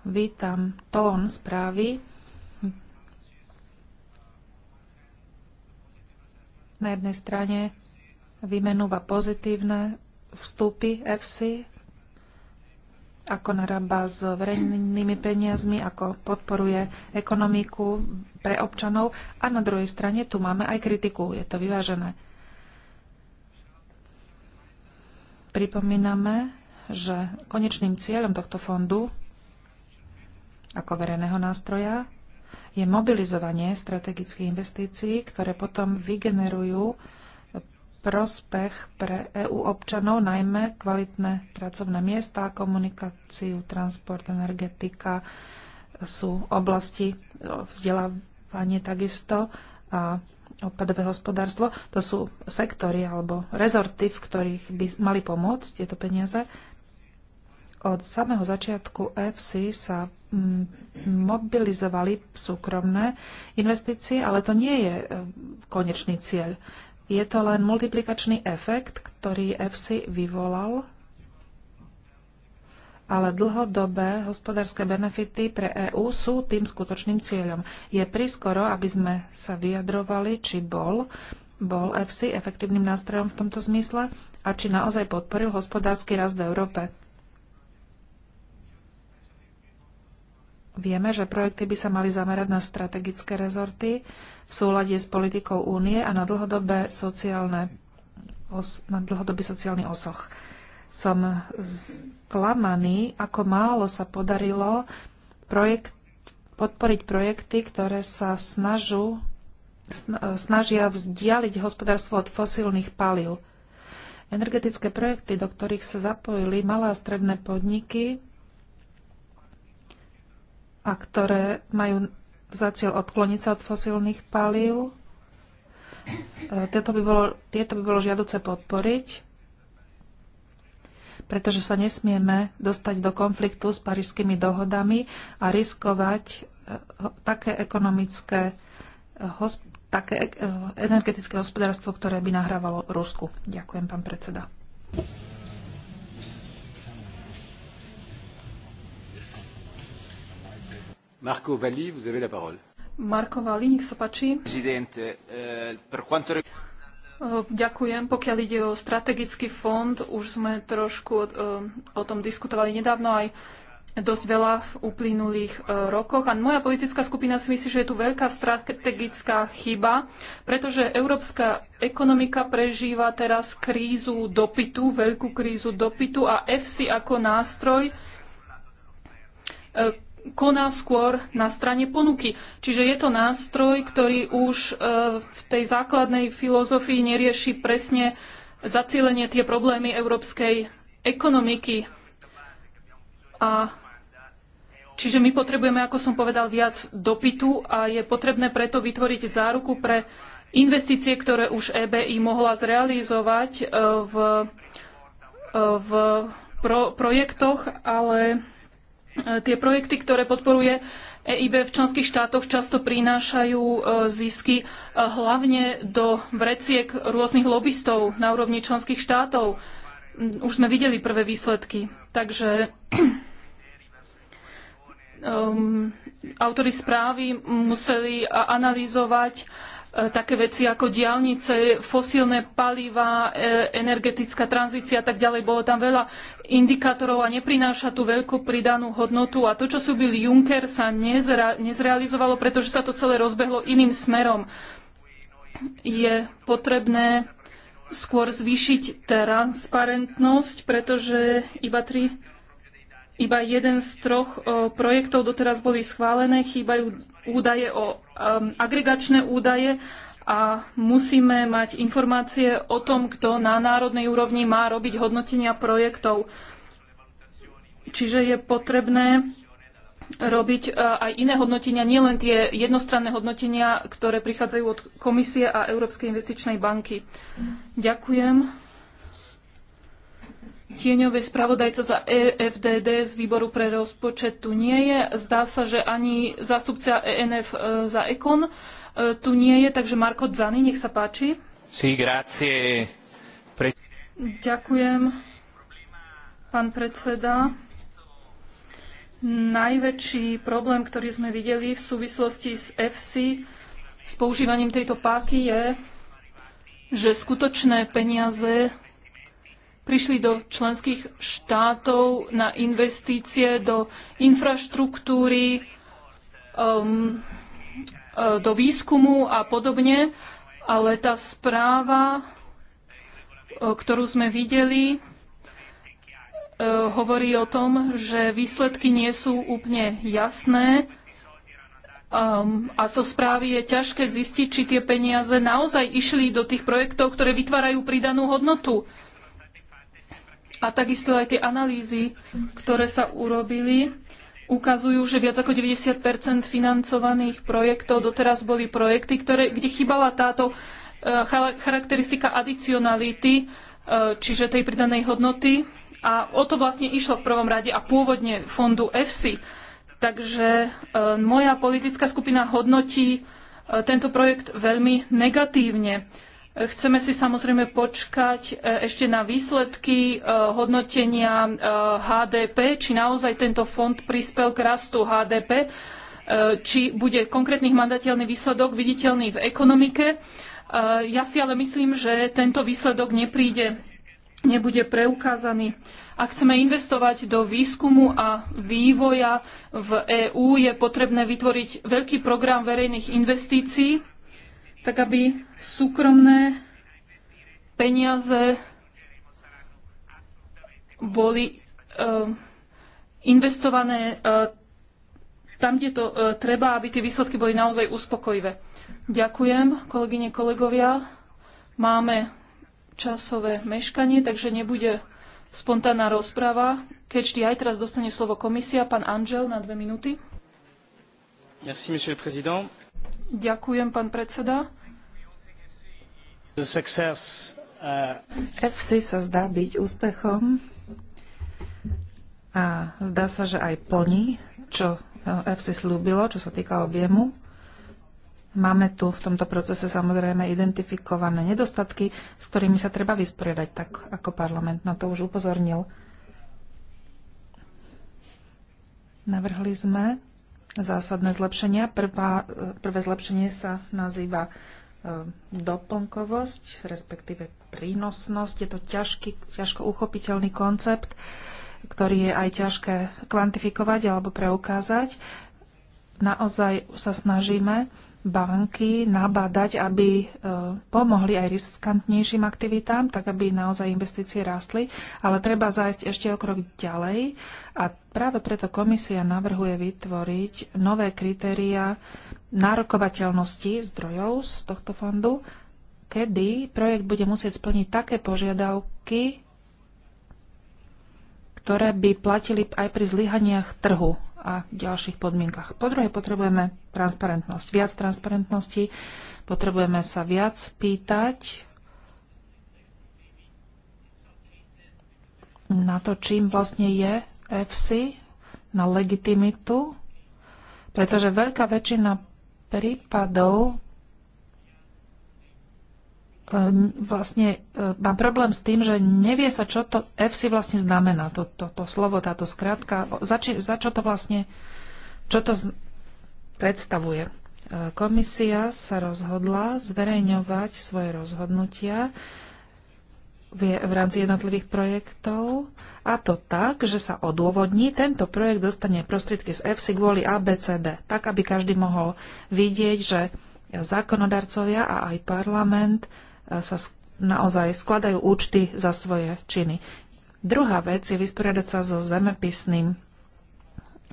Vítam tón správy. Na jednej strane vymenúva pozitívne vstupy EFSI ako narába s verejnými peniazmi, ako podporuje ekonomiku pre občanov. A na druhej strane tu máme aj kritiku. Je to vyvážené. Pripomíname, že konečným cieľom tohto fondu ako verejného nástroja je mobilizovanie strategických investícií, ktoré potom vygenerujú prospech pre EÚ občanov, najmä kvalitné pracovné miesta, komunikáciu, transport, energetika sú oblasti vzdelávanie takisto a odpadové hospodárstvo. To sú sektory alebo rezorty, v ktorých by mali pomôcť tieto peniaze. Od samého začiatku EFSI sa mm, mobilizovali súkromné investície, ale to nie je e, konečný cieľ. Je to len multiplikačný efekt, ktorý EFSI vyvolal, ale dlhodobé hospodárske benefity pre EÚ sú tým skutočným cieľom. Je priskoro, aby sme sa vyjadrovali, či bol, bol EFSI efektívnym nástrojom v tomto zmysle a či naozaj podporil hospodársky rast v Európe. Vieme, že projekty by sa mali zamerať na strategické rezorty v súlade s politikou únie a na, dlhodobé sociálne, na dlhodobý sociálny osoch. Som sklamaný, ako málo sa podarilo projekt, podporiť projekty, ktoré sa snažu, snažia vzdialiť hospodárstvo od fosílnych palív. Energetické projekty, do ktorých sa zapojili malé a stredné podniky, a ktoré majú za cieľ odkloniť sa od fosílnych palív. E, tieto by bolo, tieto by bolo žiaduce podporiť, pretože sa nesmieme dostať do konfliktu s parížskými dohodami a riskovať e, také ekonomické, e, také energetické hospodárstvo, ktoré by nahrávalo Rusku. Ďakujem, pán predseda. Marco Valli, vous avez la parole. Valli, nech sa páči. Eh, eh, ďakujem. Pokiaľ ide o strategický fond, už sme trošku eh, o, tom diskutovali nedávno aj dosť veľa v uplynulých rokoch. A moja politická skupina si myslí, že je tu veľká strategická chyba, pretože európska ekonomika prežíva teraz krízu dopytu, veľkú krízu dopytu a EFSI ako nástroj, koná skôr na strane ponuky. Čiže je to nástroj, ktorý už e, v tej základnej filozofii nerieši presne zacielenie tie problémy európskej ekonomiky. A čiže my potrebujeme, ako som povedal, viac dopytu a je potrebné preto vytvoriť záruku pre investície, ktoré už EBI mohla zrealizovať e, v, e, v pro, projektoch, ale E, tie projekty, ktoré podporuje EIB v členských štátoch, často prinášajú e, zisky e, hlavne do vreciek rôznych lobbystov na úrovni členských štátov. Mm, už sme videli prvé výsledky. Takže um, ehm, autory správy museli analyzovať E, také veci ako diálnice, fosílne paliva, e, energetická tranzícia a tak ďalej. Bolo tam veľa indikátorov a neprináša tú veľkú pridanú hodnotu. A to, čo súbil Juncker, sa nezre nezrealizovalo, pretože sa to celé rozbehlo iným smerom. Je potrebné skôr zvýšiť transparentnosť, pretože iba tri iba jeden z troch projektov doteraz boli schválené, chýbajú údaje o um, agregačné údaje a musíme mať informácie o tom, kto na národnej úrovni má robiť hodnotenia projektov. Čiže je potrebné robiť uh, aj iné hodnotenia, nielen tie jednostranné hodnotenia, ktoré prichádzajú od Komisie a Európskej investičnej banky. Ďakujem tieňové spravodajca za EFDD z výboru pre rozpočet tu nie je. Zdá sa, že ani zástupca ENF e, za Ekon e, tu nie je, takže Marko Zany, nech sa páči. Sí, grazie. Pre... Ďakujem, pán predseda. Najväčší problém, ktorý sme videli v súvislosti s FC, s používaním tejto páky je, že skutočné peniaze prišli do členských štátov na investície do infraštruktúry, um, e, do výskumu a podobne, ale tá správa, e, ktorú sme videli, e, hovorí o tom, že výsledky nie sú úplne jasné. Um, a zo so správy je ťažké zistiť, či tie peniaze naozaj išli do tých projektov, ktoré vytvárajú pridanú hodnotu. Uh, a takisto aj tie analýzy, ktoré sa urobili, ukazujú, že viac ako 90 financovaných projektov doteraz boli projekty, ktoré, kde chýbala táto e, charakteristika adicionality, e, čiže tej pridanej hodnoty. A o to vlastne išlo v prvom rade a pôvodne fondu EFSI. Takže e, moja politická skupina hodnotí tento projekt veľmi negatívne. Chceme si samozrejme počkať e, ešte na výsledky e, hodnotenia e, HDP, či naozaj tento fond prispel k rastu HDP, či bude konkrétny hmatateľný výsledok viditeľný v ekonomike. Ja si ale myslím, že tento výsledok nepríde, nebude preukázaný. Ak chceme investovať do výskumu a vývoja v EÚ, je potrebné vytvoriť veľký program verejných investícií, tak aby súkromné peniaze boli uh, investované uh, tam, kde to uh, treba, aby tie výsledky boli naozaj uspokojivé. Ďakujem, kolegyne, kolegovia. Máme časové meškanie, takže nebude spontánna rozprava. Keď aj teraz dostane slovo komisia, pán Angel na dve minúty. Merci, monsieur le président. Ďakujem, pán predseda. Uh, FC sa zdá byť úspechom a zdá sa, že aj plní, čo uh, FC slúbilo, čo sa týka objemu. Máme tu v tomto procese samozrejme identifikované nedostatky, s ktorými sa treba vysporiadať, tak ako parlament na to už upozornil. Navrhli sme zásadné zlepšenia. Prvá, e, prvé zlepšenie sa nazýva e, doplnkovosť, respektíve prínosnosť. Je to ťažký, ťažko uchopiteľný koncept, ktorý je aj ťažké kvantifikovať alebo preukázať. Naozaj sa snažíme banky nabádať, aby e, pomohli aj riskantnejším aktivitám, tak aby naozaj investície rástli, ale treba zájsť ešte o krok ďalej a práve preto komisia navrhuje vytvoriť nové kritéria nárokovateľnosti zdrojov z tohto fondu, kedy projekt bude musieť splniť také požiadavky, ktoré by platili aj pri zlyhaniach trhu a ďalších podmienkach. Po druhé, potrebujeme transparentnosť, viac transparentnosti, potrebujeme sa viac pýtať na to, čím vlastne je EFSI, na legitimitu, pretože veľká väčšina prípadov Ehm, vlastne e, mám problém s tým, že nevie sa, čo to FC vlastne znamená, to, to, to slovo, táto skratka, za, či, za čo to vlastne, čo to z, predstavuje. E, komisia sa rozhodla zverejňovať svoje rozhodnutia v, v rámci jednotlivých projektov a to tak, že sa odôvodní, tento projekt dostane prostriedky z FC kvôli ABCD, tak aby každý mohol vidieť, že zákonodarcovia a aj parlament sa naozaj skladajú účty za svoje činy. Druhá vec je vysporiadať sa so zemepisným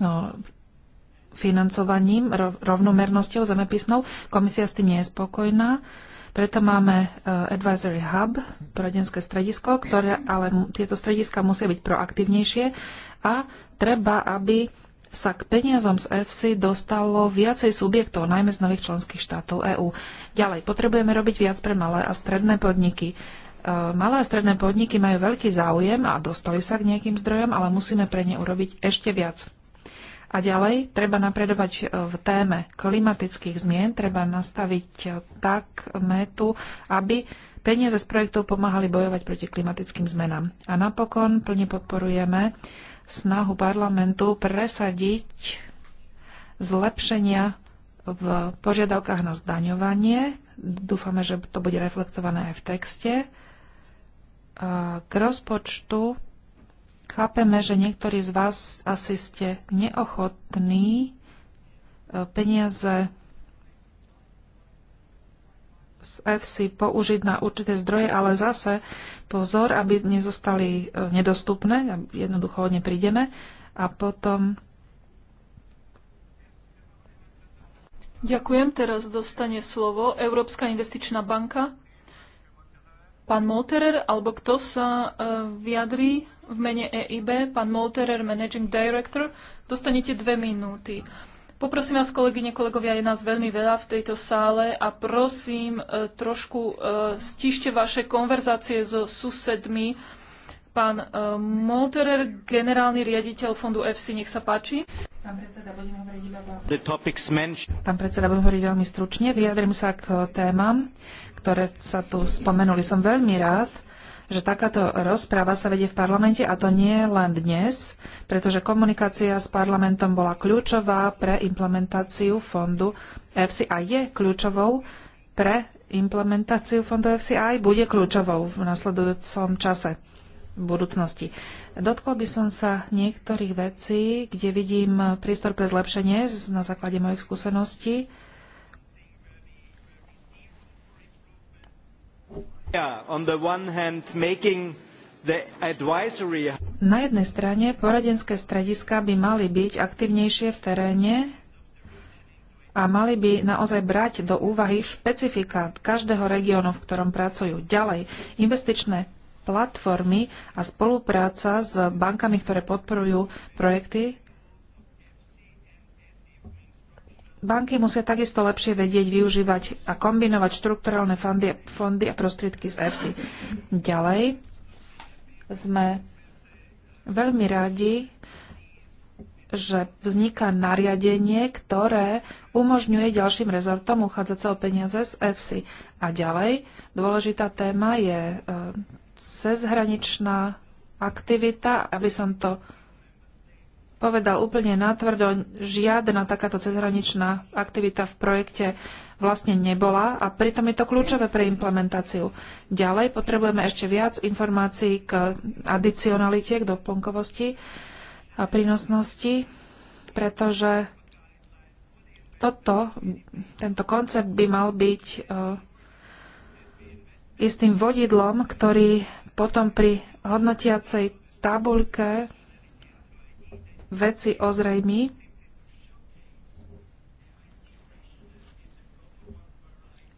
no, financovaním, rovnomernosťou zemepisnou. Komisia s tým nie je spokojná. Preto máme e, Advisory Hub, poradenské stredisko, ktoré ale tieto strediska musia byť proaktívnejšie a treba, aby sa k peniazom z EFSI dostalo viacej subjektov, najmä z nových členských štátov EÚ. Ďalej, potrebujeme robiť viac pre malé a stredné podniky. E, malé a stredné podniky majú veľký záujem a dostali sa k nejakým zdrojom, ale musíme pre ne urobiť ešte viac. A ďalej, treba napredovať e, v téme klimatických zmien, treba nastaviť e, tak metu, aby peniaze z projektov pomáhali bojovať proti klimatickým zmenám. A napokon plne podporujeme uh, snahu parlamentu presadiť zlepšenia v požiadavkách na zdaňovanie. Dúfame, že to bude reflektované aj v texte. K rozpočtu chápeme, že niektorí z vás asi ste neochotní e, peniaze z EFSI použiť na určité zdroje, ale zase pozor, aby nezostali e, nedostupné, jednoducho o ne prídeme a potom Ďakujem. Teraz dostane slovo Európska investičná banka. Pán Molterer, alebo kto sa e, vyjadrí v mene EIB, pán Molterer, Managing Director, dostanete dve minúty. Poprosím vás, kolegyne, kolegovia, je nás veľmi veľa v tejto sále a prosím, e, trošku e, stište vaše konverzácie so susedmi. Pán e, Molterer, generálny riaditeľ fondu EFSI, nech sa páči. Pán predseda, budem hovoriť iba Pán predseda, budem hovoriť veľmi stručne. Vyjadrím sa k témam, ktoré sa tu spomenuli. Som veľmi rád, že takáto rozpráva sa vedie v parlamente a to nie len dnes, pretože komunikácia s parlamentom bola kľúčová pre implementáciu fondu EFSI a je kľúčovou pre implementáciu fondu EFSI a aj bude kľúčovou v nasledujúcom čase v budúcnosti. Dotkol by som sa niektorých vecí, kde vidím prístor pre zlepšenie na základe mojich skúseností Na jednej strane poradenské strediska by mali byť aktívnejšie v teréne a mali by naozaj brať do úvahy špecifika každého regiónu, v ktorom pracujú. Ďalej, investičné platformy a spolupráca s bankami, ktoré podporujú projekty Banky musia takisto lepšie vedieť, využívať a kombinovať štrukturálne fondy, fondy a prostriedky z FC. Ďalej sme veľmi radi, že vzniká nariadenie, ktoré umožňuje ďalším rezortom uchádzať sa o peniaze z FC A ďalej dôležitá téma je eh, cezhraničná aktivita, aby som to povedal úplne natvrdo, žiadna takáto cezhraničná aktivita v projekte vlastne nebola a pritom je to kľúčové pre implementáciu. Ďalej potrebujeme ešte viac informácií k adicionalite, k doplnkovosti a prínosnosti, pretože toto, tento koncept by mal byť e, istým vodidlom, ktorý potom pri hodnotiacej tabuľke veci ozrejmi.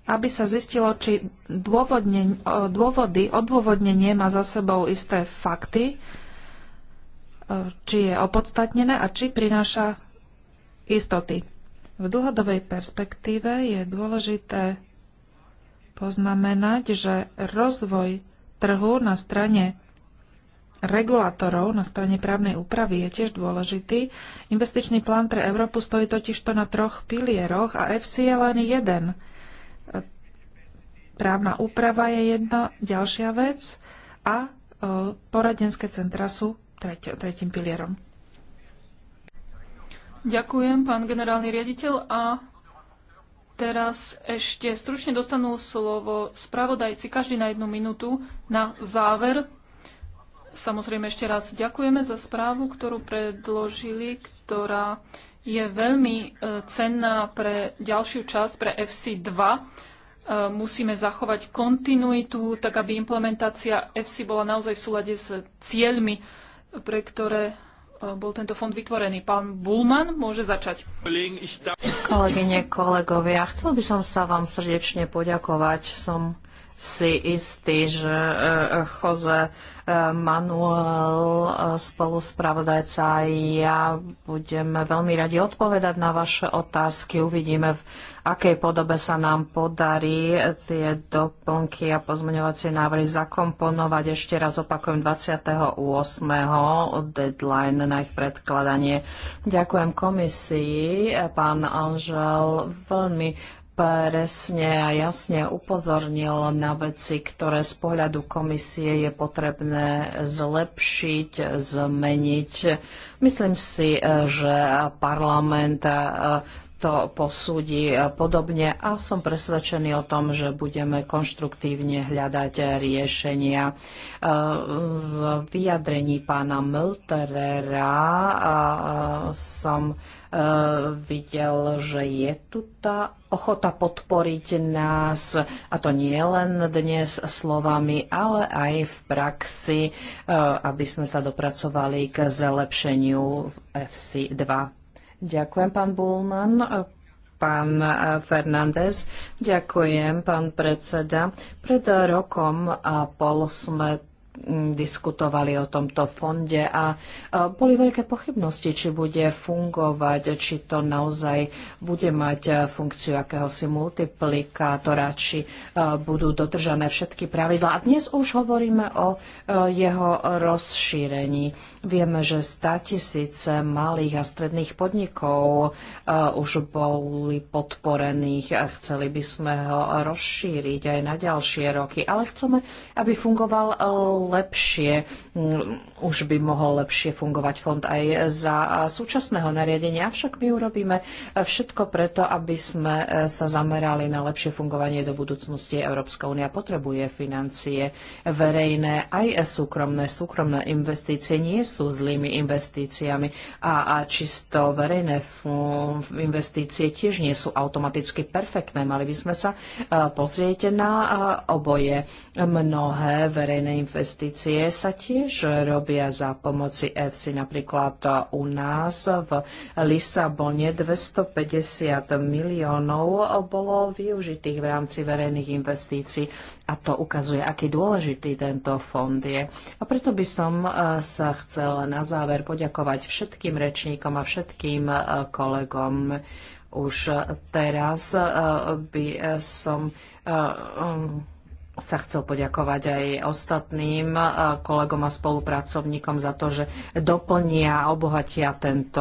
aby sa zistilo, či dôvody, odôvodnenie má za sebou isté fakty, e, či je opodstatnené a či prináša istoty. V dlhodobej perspektíve je dôležité poznamenať, že rozvoj trhu na strane regulátorov na strane právnej úpravy je tiež dôležitý. Investičný plán pre Európu stojí totiž to na troch pilieroch a FC je len jeden. Právna úprava je jedna ďalšia vec a e, poradenské centra sú tretím pilierom. Ďakujem, pán generálny riaditeľ. A teraz ešte stručne dostanú slovo spravodajci každý na jednu minútu na záver Samozrejme ešte raz ďakujeme za správu, ktorú predložili, ktorá je veľmi e, cenná pre ďalšiu časť, pre FC2. E, musíme zachovať kontinuitu, tak aby implementácia FC bola naozaj v súlade s cieľmi, pre ktoré e, bol tento fond vytvorený. Pán Bulman môže začať. Kolegyne, kolegovia, chcel by som sa vám srdečne poďakovať. Som si istý, že eh, Jose eh, Manuel, eh, spoluspravodajca a ja budeme veľmi radi odpovedať na vaše otázky. Uvidíme, v akej podobe sa nám podarí tie doplnky a pozmeňovacie návrhy zakomponovať. Ešte raz opakujem 28. deadline na ich predkladanie. Ďakujem komisii, pán Anžel, veľmi presne a jasne upozornil na veci, ktoré z pohľadu komisie je potrebné zlepšiť, zmeniť. Myslím si, eh, že parlament eh, to posúdi podobne a som presvedčený o tom, že budeme konštruktívne hľadať riešenia. E, z vyjadrení pána Mlterera e, som e, videl, že je tu tá ochota podporiť nás, a to nie len dnes slovami, ale aj v praxi, aby sme sa dopracovali k zlepšeniu v FC2. Ďakujem, pán Bulman. Pán eh, Fernández, ďakujem, pán predseda. Pred rokom a pol sme mm, diskutovali o tomto fonde a eh, boli veľké pochybnosti, či bude fungovať, či to naozaj bude mať eh, funkciu akéhosi multiplikátora, či budú dodržané všetky pravidlá. A dnes už hovoríme o jeho rozšírení. Vieme, že 100 tisíce malých a stredných podnikov eh, už boli podporených a chceli by sme ho rozšíriť aj na ďalšie roky, ale chceme, aby fungoval lepšie. Mm, už by mohol lepšie fungovať fond aj za súčasného nariadenia, avšak my urobíme všetko preto, aby sme eh, sa zamerali na lepšie fungovanie do budúcnosti. Európska únia potrebuje financie verejné aj súkromné. Súkromné investície nie sú zlými investíciami a, a čisto verejné investície tiež nie sú automaticky perfektné. Mali by sme sa e, pozrieť na e, oboje. Mnohé verejné investície sa tiež robia za pomoci EFSI, napríklad e, u nás v Lisabone 250 miliónov bolo využitých v rámci verejných investícií a to ukazuje, aký dôležitý tento fond je. A preto by som e, sa chcela na záver poďakovať všetkým rečníkom a všetkým e, kolegom. Už teraz e, by som um, sa chcel poďakovať aj ostatným kolegom a spolupracovníkom za to, že doplnia a obohatia tento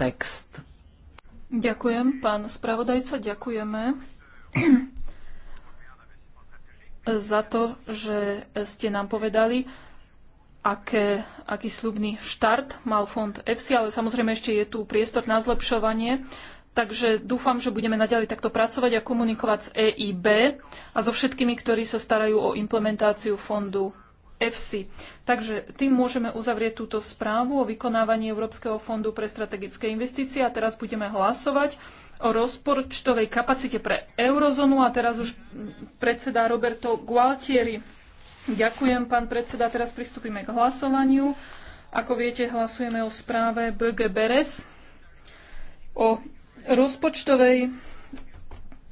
text. Ďakujem, pán spravodajca, ďakujeme za to, že ste nám povedali, aké, aký slubný štart mal fond EFSI, ale samozrejme ešte je tu priestor na zlepšovanie. Takže dúfam, že budeme naďalej takto pracovať a komunikovať s EIB a so všetkými, ktorí sa starajú o implementáciu fondu EFSI. Takže tým môžeme uzavrieť túto správu o vykonávaní Európskeho fondu pre strategické investície a teraz budeme hlasovať o rozpočtovej kapacite pre eurozónu a teraz už predseda Roberto Gualtieri. Ďakujem, pán predseda. Teraz pristúpime k hlasovaniu. Ako viete, hlasujeme o správe BG Beres o rozpočtovej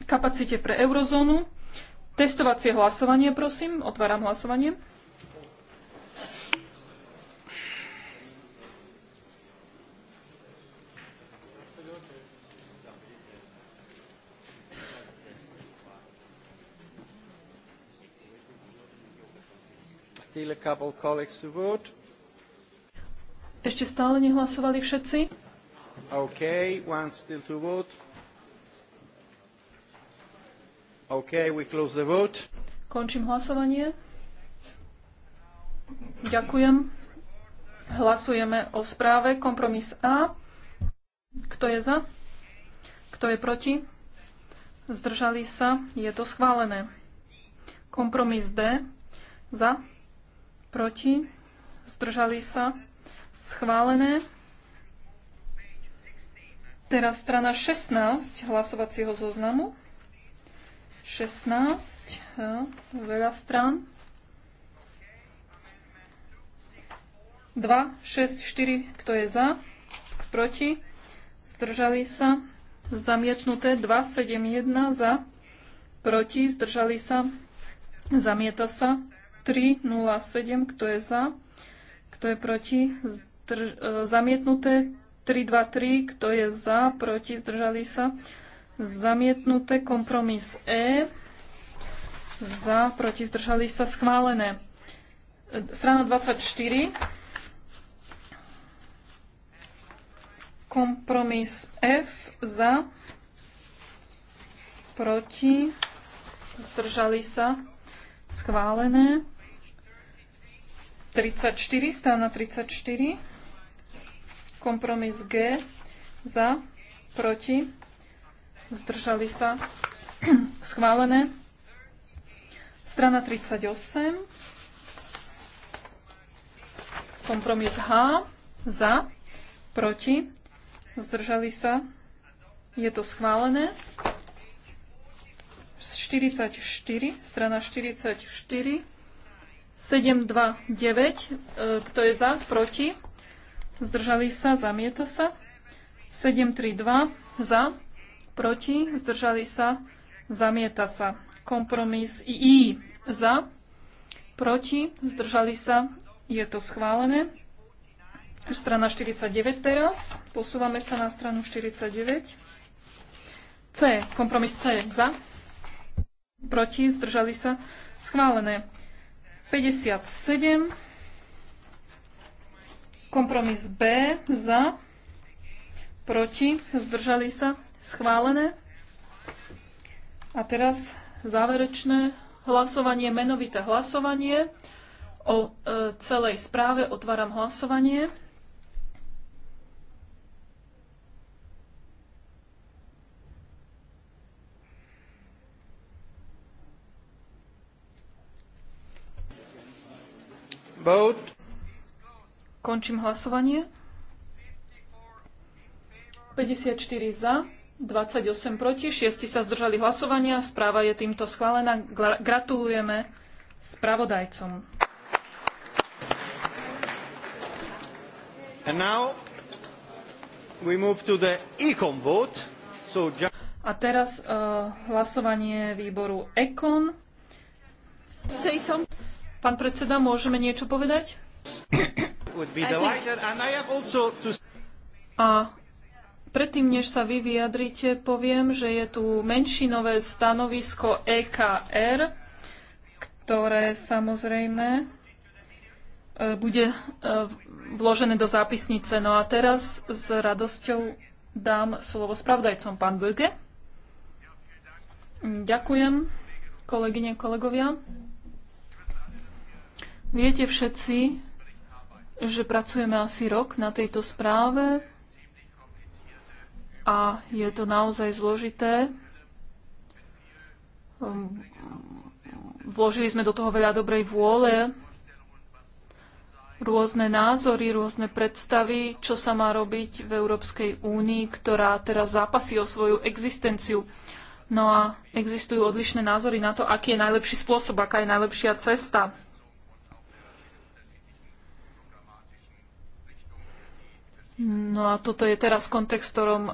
kapacite pre eurozónu. Testovacie hlasovanie, prosím. Otváram hlasovanie. Ešte stále nehlasovali všetci? OK, one still to vote. OK, we close the vote. Končím hlasovanie. Ďakujem. Hlasujeme o správe. Kompromis A. Kto je za? Kto je proti? Zdržali sa? Je to schválené. Kompromis D. Za? proti, zdržali sa, schválené. Teraz strana 16 hlasovacieho zoznamu. 16, ja, veľa strán. 2, 6, 4, kto je za, proti, zdržali sa, zamietnuté, 2, 7, 1, za, proti, zdržali sa, zamieta sa, 307, kto je za, kto je proti, zdrž, e, zamietnuté 323, kto je za, proti, zdržali sa, zamietnuté kompromis E, za, proti, zdržali sa, schválené. E, strana 24, kompromis F, za, proti, zdržali sa, schválené. 34, strana 34, kompromis G, za, proti, zdržali sa, schválené. Strana 38, kompromis H, za, proti, zdržali sa, je to schválené. 44, strana 44, 729, e, kto je za, proti, zdržali sa, zamieta sa. 732, za, proti, zdržali sa, zamieta sa. Kompromis I, za, proti, zdržali sa, je to schválené. Strana 49 teraz. Posúvame sa na stranu 49. C. Kompromis C. Za. Proti. Zdržali sa. Schválené. 57. Kompromis B za, proti, zdržali sa, schválené. A teraz záverečné hlasovanie, menovité hlasovanie o e, celej správe. Otváram hlasovanie. Vote. Končím hlasovanie. 54 za, 28 proti, 6 sa zdržali hlasovania. Správa je týmto schválená. Gratulujeme spravodajcom. And now we move to the econ vote. So just... A teraz uh, hlasovanie výboru ECON. Say something. Pán predseda, môžeme niečo povedať? A predtým, než sa vy vyjadrite, poviem, že je tu menšinové stanovisko EKR, ktoré samozrejme e, bude e, vložené do zápisnice. No a teraz s radosťou dám slovo spravdajcom, pán Böge. Ďakujem, kolegyne, kolegovia. Viete všetci, že pracujeme asi rok na tejto správe a je to naozaj zložité. Um, vložili sme do toho veľa dobrej vôle, rôzne názory, rôzne predstavy, čo sa má robiť v Európskej únii, ktorá teraz zápasí o svoju existenciu. No a existujú odlišné názory na to, aký je najlepší spôsob, aká je najlepšia cesta. No a toto je teraz kontext, v ktorom,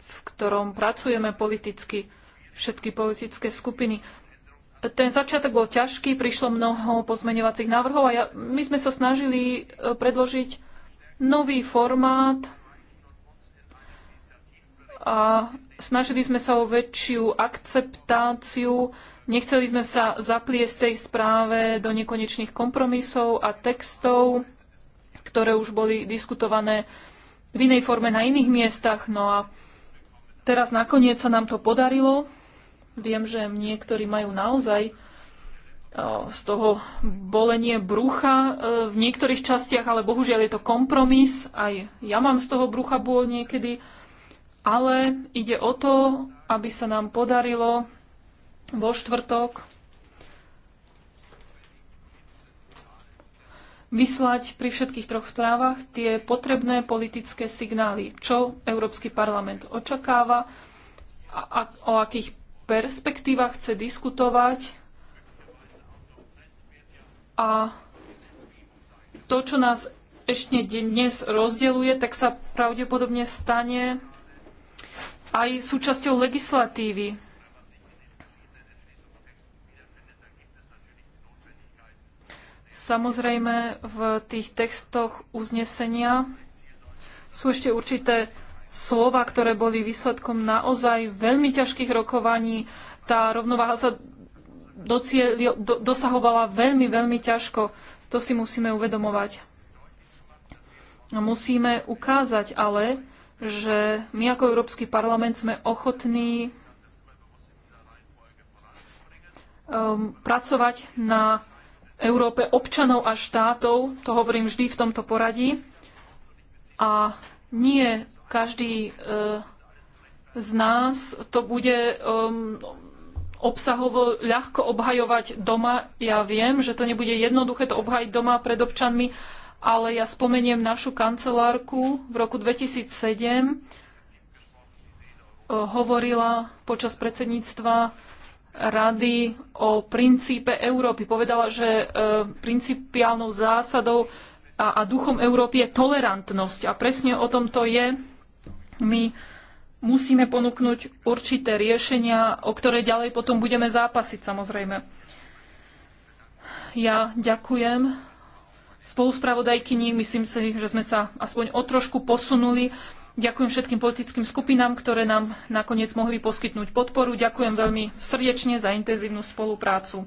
v ktorom pracujeme politicky, všetky politické skupiny. Ten začiatok bol ťažký, prišlo mnoho pozmeňovacích návrhov a ja, my sme sa snažili e, predložiť nový formát a snažili sme sa o väčšiu akceptáciu. Nechceli sme sa zapliesť tej správe do nekonečných kompromisov a textov, ktoré už boli diskutované v inej forme na iných miestach. No a teraz nakoniec sa nám to podarilo. Viem, že niektorí majú naozaj e, z toho bolenie brucha e, v niektorých častiach, ale bohužiaľ je to kompromis. Aj ja mám z toho brucha bol niekedy. Ale ide o to, aby sa nám podarilo vo štvrtok vyslať pri všetkých troch správach tie potrebné politické signály, čo Európsky parlament očakáva, a, a, o akých perspektívach chce diskutovať a to, čo nás ešte dnes rozdeľuje, tak sa pravdepodobne stane aj súčasťou legislatívy Samozrejme, v tých textoch uznesenia sú ešte určité slova, ktoré boli výsledkom naozaj veľmi ťažkých rokovaní. Tá rovnováha sa docieli, do, dosahovala veľmi, veľmi ťažko. To si musíme uvedomovať. Musíme ukázať ale, že my ako Európsky parlament sme ochotní um, pracovať na Európe občanov a štátov, to hovorím vždy v tomto poradí. A nie každý e, z nás to bude obsahovo ľahko obhajovať doma. Ja viem, že to nebude jednoduché to obhajiť doma pred občanmi, ale ja spomeniem našu kancelárku v roku 2007. E, hovorila počas predsedníctva rady o princípe Európy. Povedala, že e, principiálnou zásadou a, a duchom Európy je tolerantnosť. A presne o tom to je. My musíme ponúknuť určité riešenia, o ktoré ďalej potom budeme zápasiť samozrejme. Ja ďakujem spoluspravodajkyni. Myslím si, že sme sa aspoň o trošku posunuli Ďakujem všetkým politickým skupinám, ktoré nám nakoniec mohli poskytnúť podporu. Ďakujem veľmi srdečne za intenzívnu spoluprácu.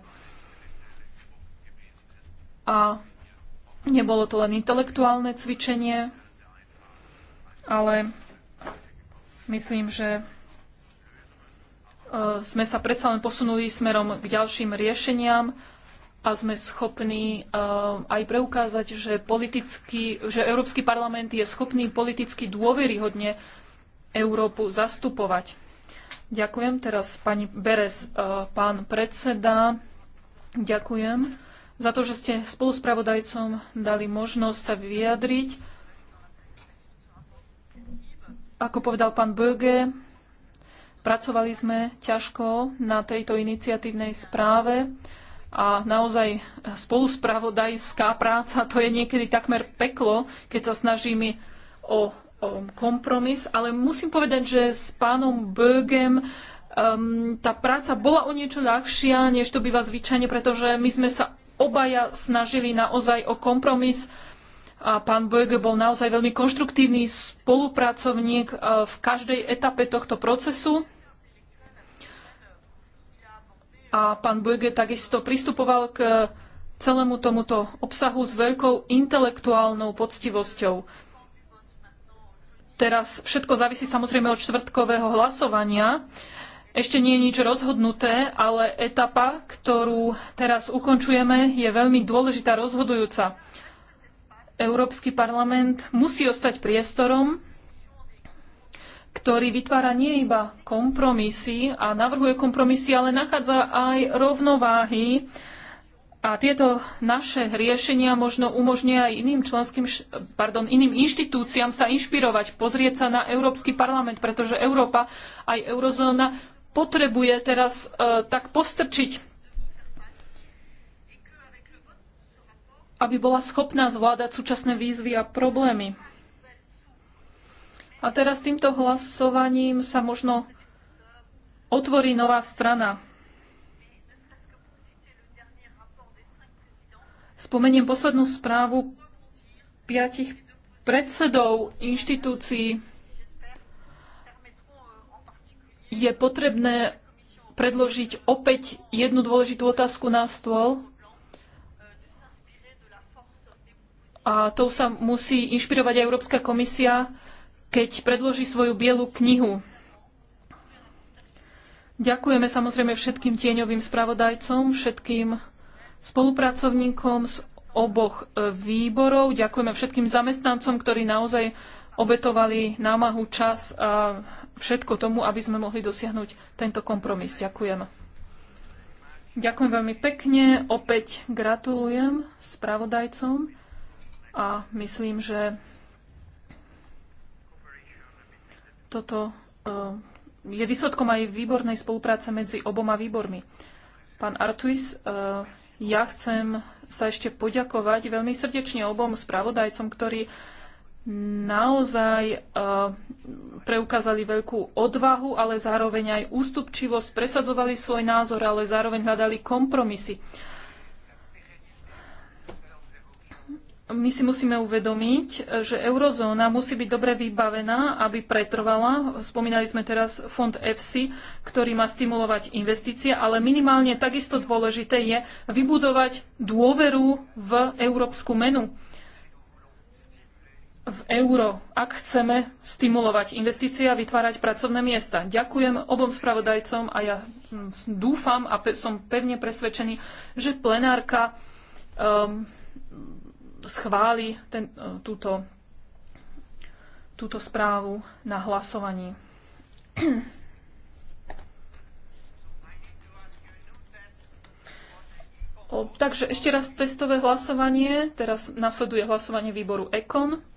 A nebolo to len intelektuálne cvičenie, ale myslím, že e, sme sa predsa len posunuli smerom k ďalším riešeniam a sme schopní uh, aj preukázať, že, politicky, že Európsky parlament je schopný politicky dôveryhodne Európu zastupovať. Ďakujem teraz pani Beres, uh, pán predseda. Ďakujem za to, že ste spoluspravodajcom dali možnosť sa vyjadriť. Ako povedal pán Böge, pracovali sme ťažko na tejto iniciatívnej správe. Uh, a naozaj spoluspravodajská práca to je niekedy takmer peklo, keď sa snažíme o, o kompromis, ale musím povedať, že s pánom Bögem um, tá práca bola o niečo ľahšia, než to býva zvyčajne, pretože my sme sa obaja snažili naozaj o kompromis a pán Böge bol naozaj veľmi konštruktívny spolupracovník uh, v každej etape tohto procesu a pán Böge takisto pristupoval k celému tomuto obsahu s veľkou intelektuálnou poctivosťou. Teraz všetko závisí samozrejme od štvrtkového hlasovania. Ešte nie je nič rozhodnuté, ale etapa, ktorú teraz ukončujeme, je veľmi dôležitá, rozhodujúca. Európsky parlament musí ostať priestorom, ktorý vytvára nie iba kompromisy a navrhuje kompromisy, ale nachádza aj rovnováhy. A tieto naše riešenia možno umožňuje aj iným členským, pardon, iným inštitúciám sa inšpirovať, pozrieť sa na Európsky parlament, pretože Európa aj eurozóna potrebuje teraz e, tak postrčiť, aby bola schopná zvládať súčasné výzvy a problémy. A teraz týmto hlasovaním sa možno otvorí nová strana. Spomeniem poslednú správu piatich predsedov inštitúcií. Je potrebné predložiť opäť jednu dôležitú otázku na stôl. A tou sa musí inšpirovať aj Európska komisia keď predloží svoju bielu knihu. Ďakujeme samozrejme všetkým tieňovým spravodajcom, všetkým spolupracovníkom z oboch e, výborov. Ďakujeme všetkým zamestnancom, ktorí naozaj obetovali námahu, čas a všetko tomu, aby sme mohli dosiahnuť tento kompromis. Ďakujem. Ďakujem veľmi pekne. Opäť gratulujem spravodajcom a myslím, že Toto e, je výsledkom aj výbornej spolupráce medzi oboma výbormi. Pán Artuis, e, ja chcem sa ešte poďakovať veľmi srdečne obom spravodajcom, ktorí naozaj e, preukázali veľkú odvahu, ale zároveň aj ústupčivosť, presadzovali svoj názor, ale zároveň hľadali kompromisy. my si musíme uvedomiť, že eurozóna musí byť dobre vybavená, aby pretrvala. Spomínali sme teraz fond EFSI, ktorý má stimulovať investície, ale minimálne takisto dôležité je vybudovať dôveru v európsku menu v euro, ak chceme stimulovať investície a vytvárať pracovné miesta. Ďakujem obom spravodajcom a ja mm, dúfam a pe som pevne presvedčený, že plenárka um, schváli ten, e, túto, túto správu na hlasovaní. O, takže ešte raz testové hlasovanie. Teraz nasleduje hlasovanie výboru EKON.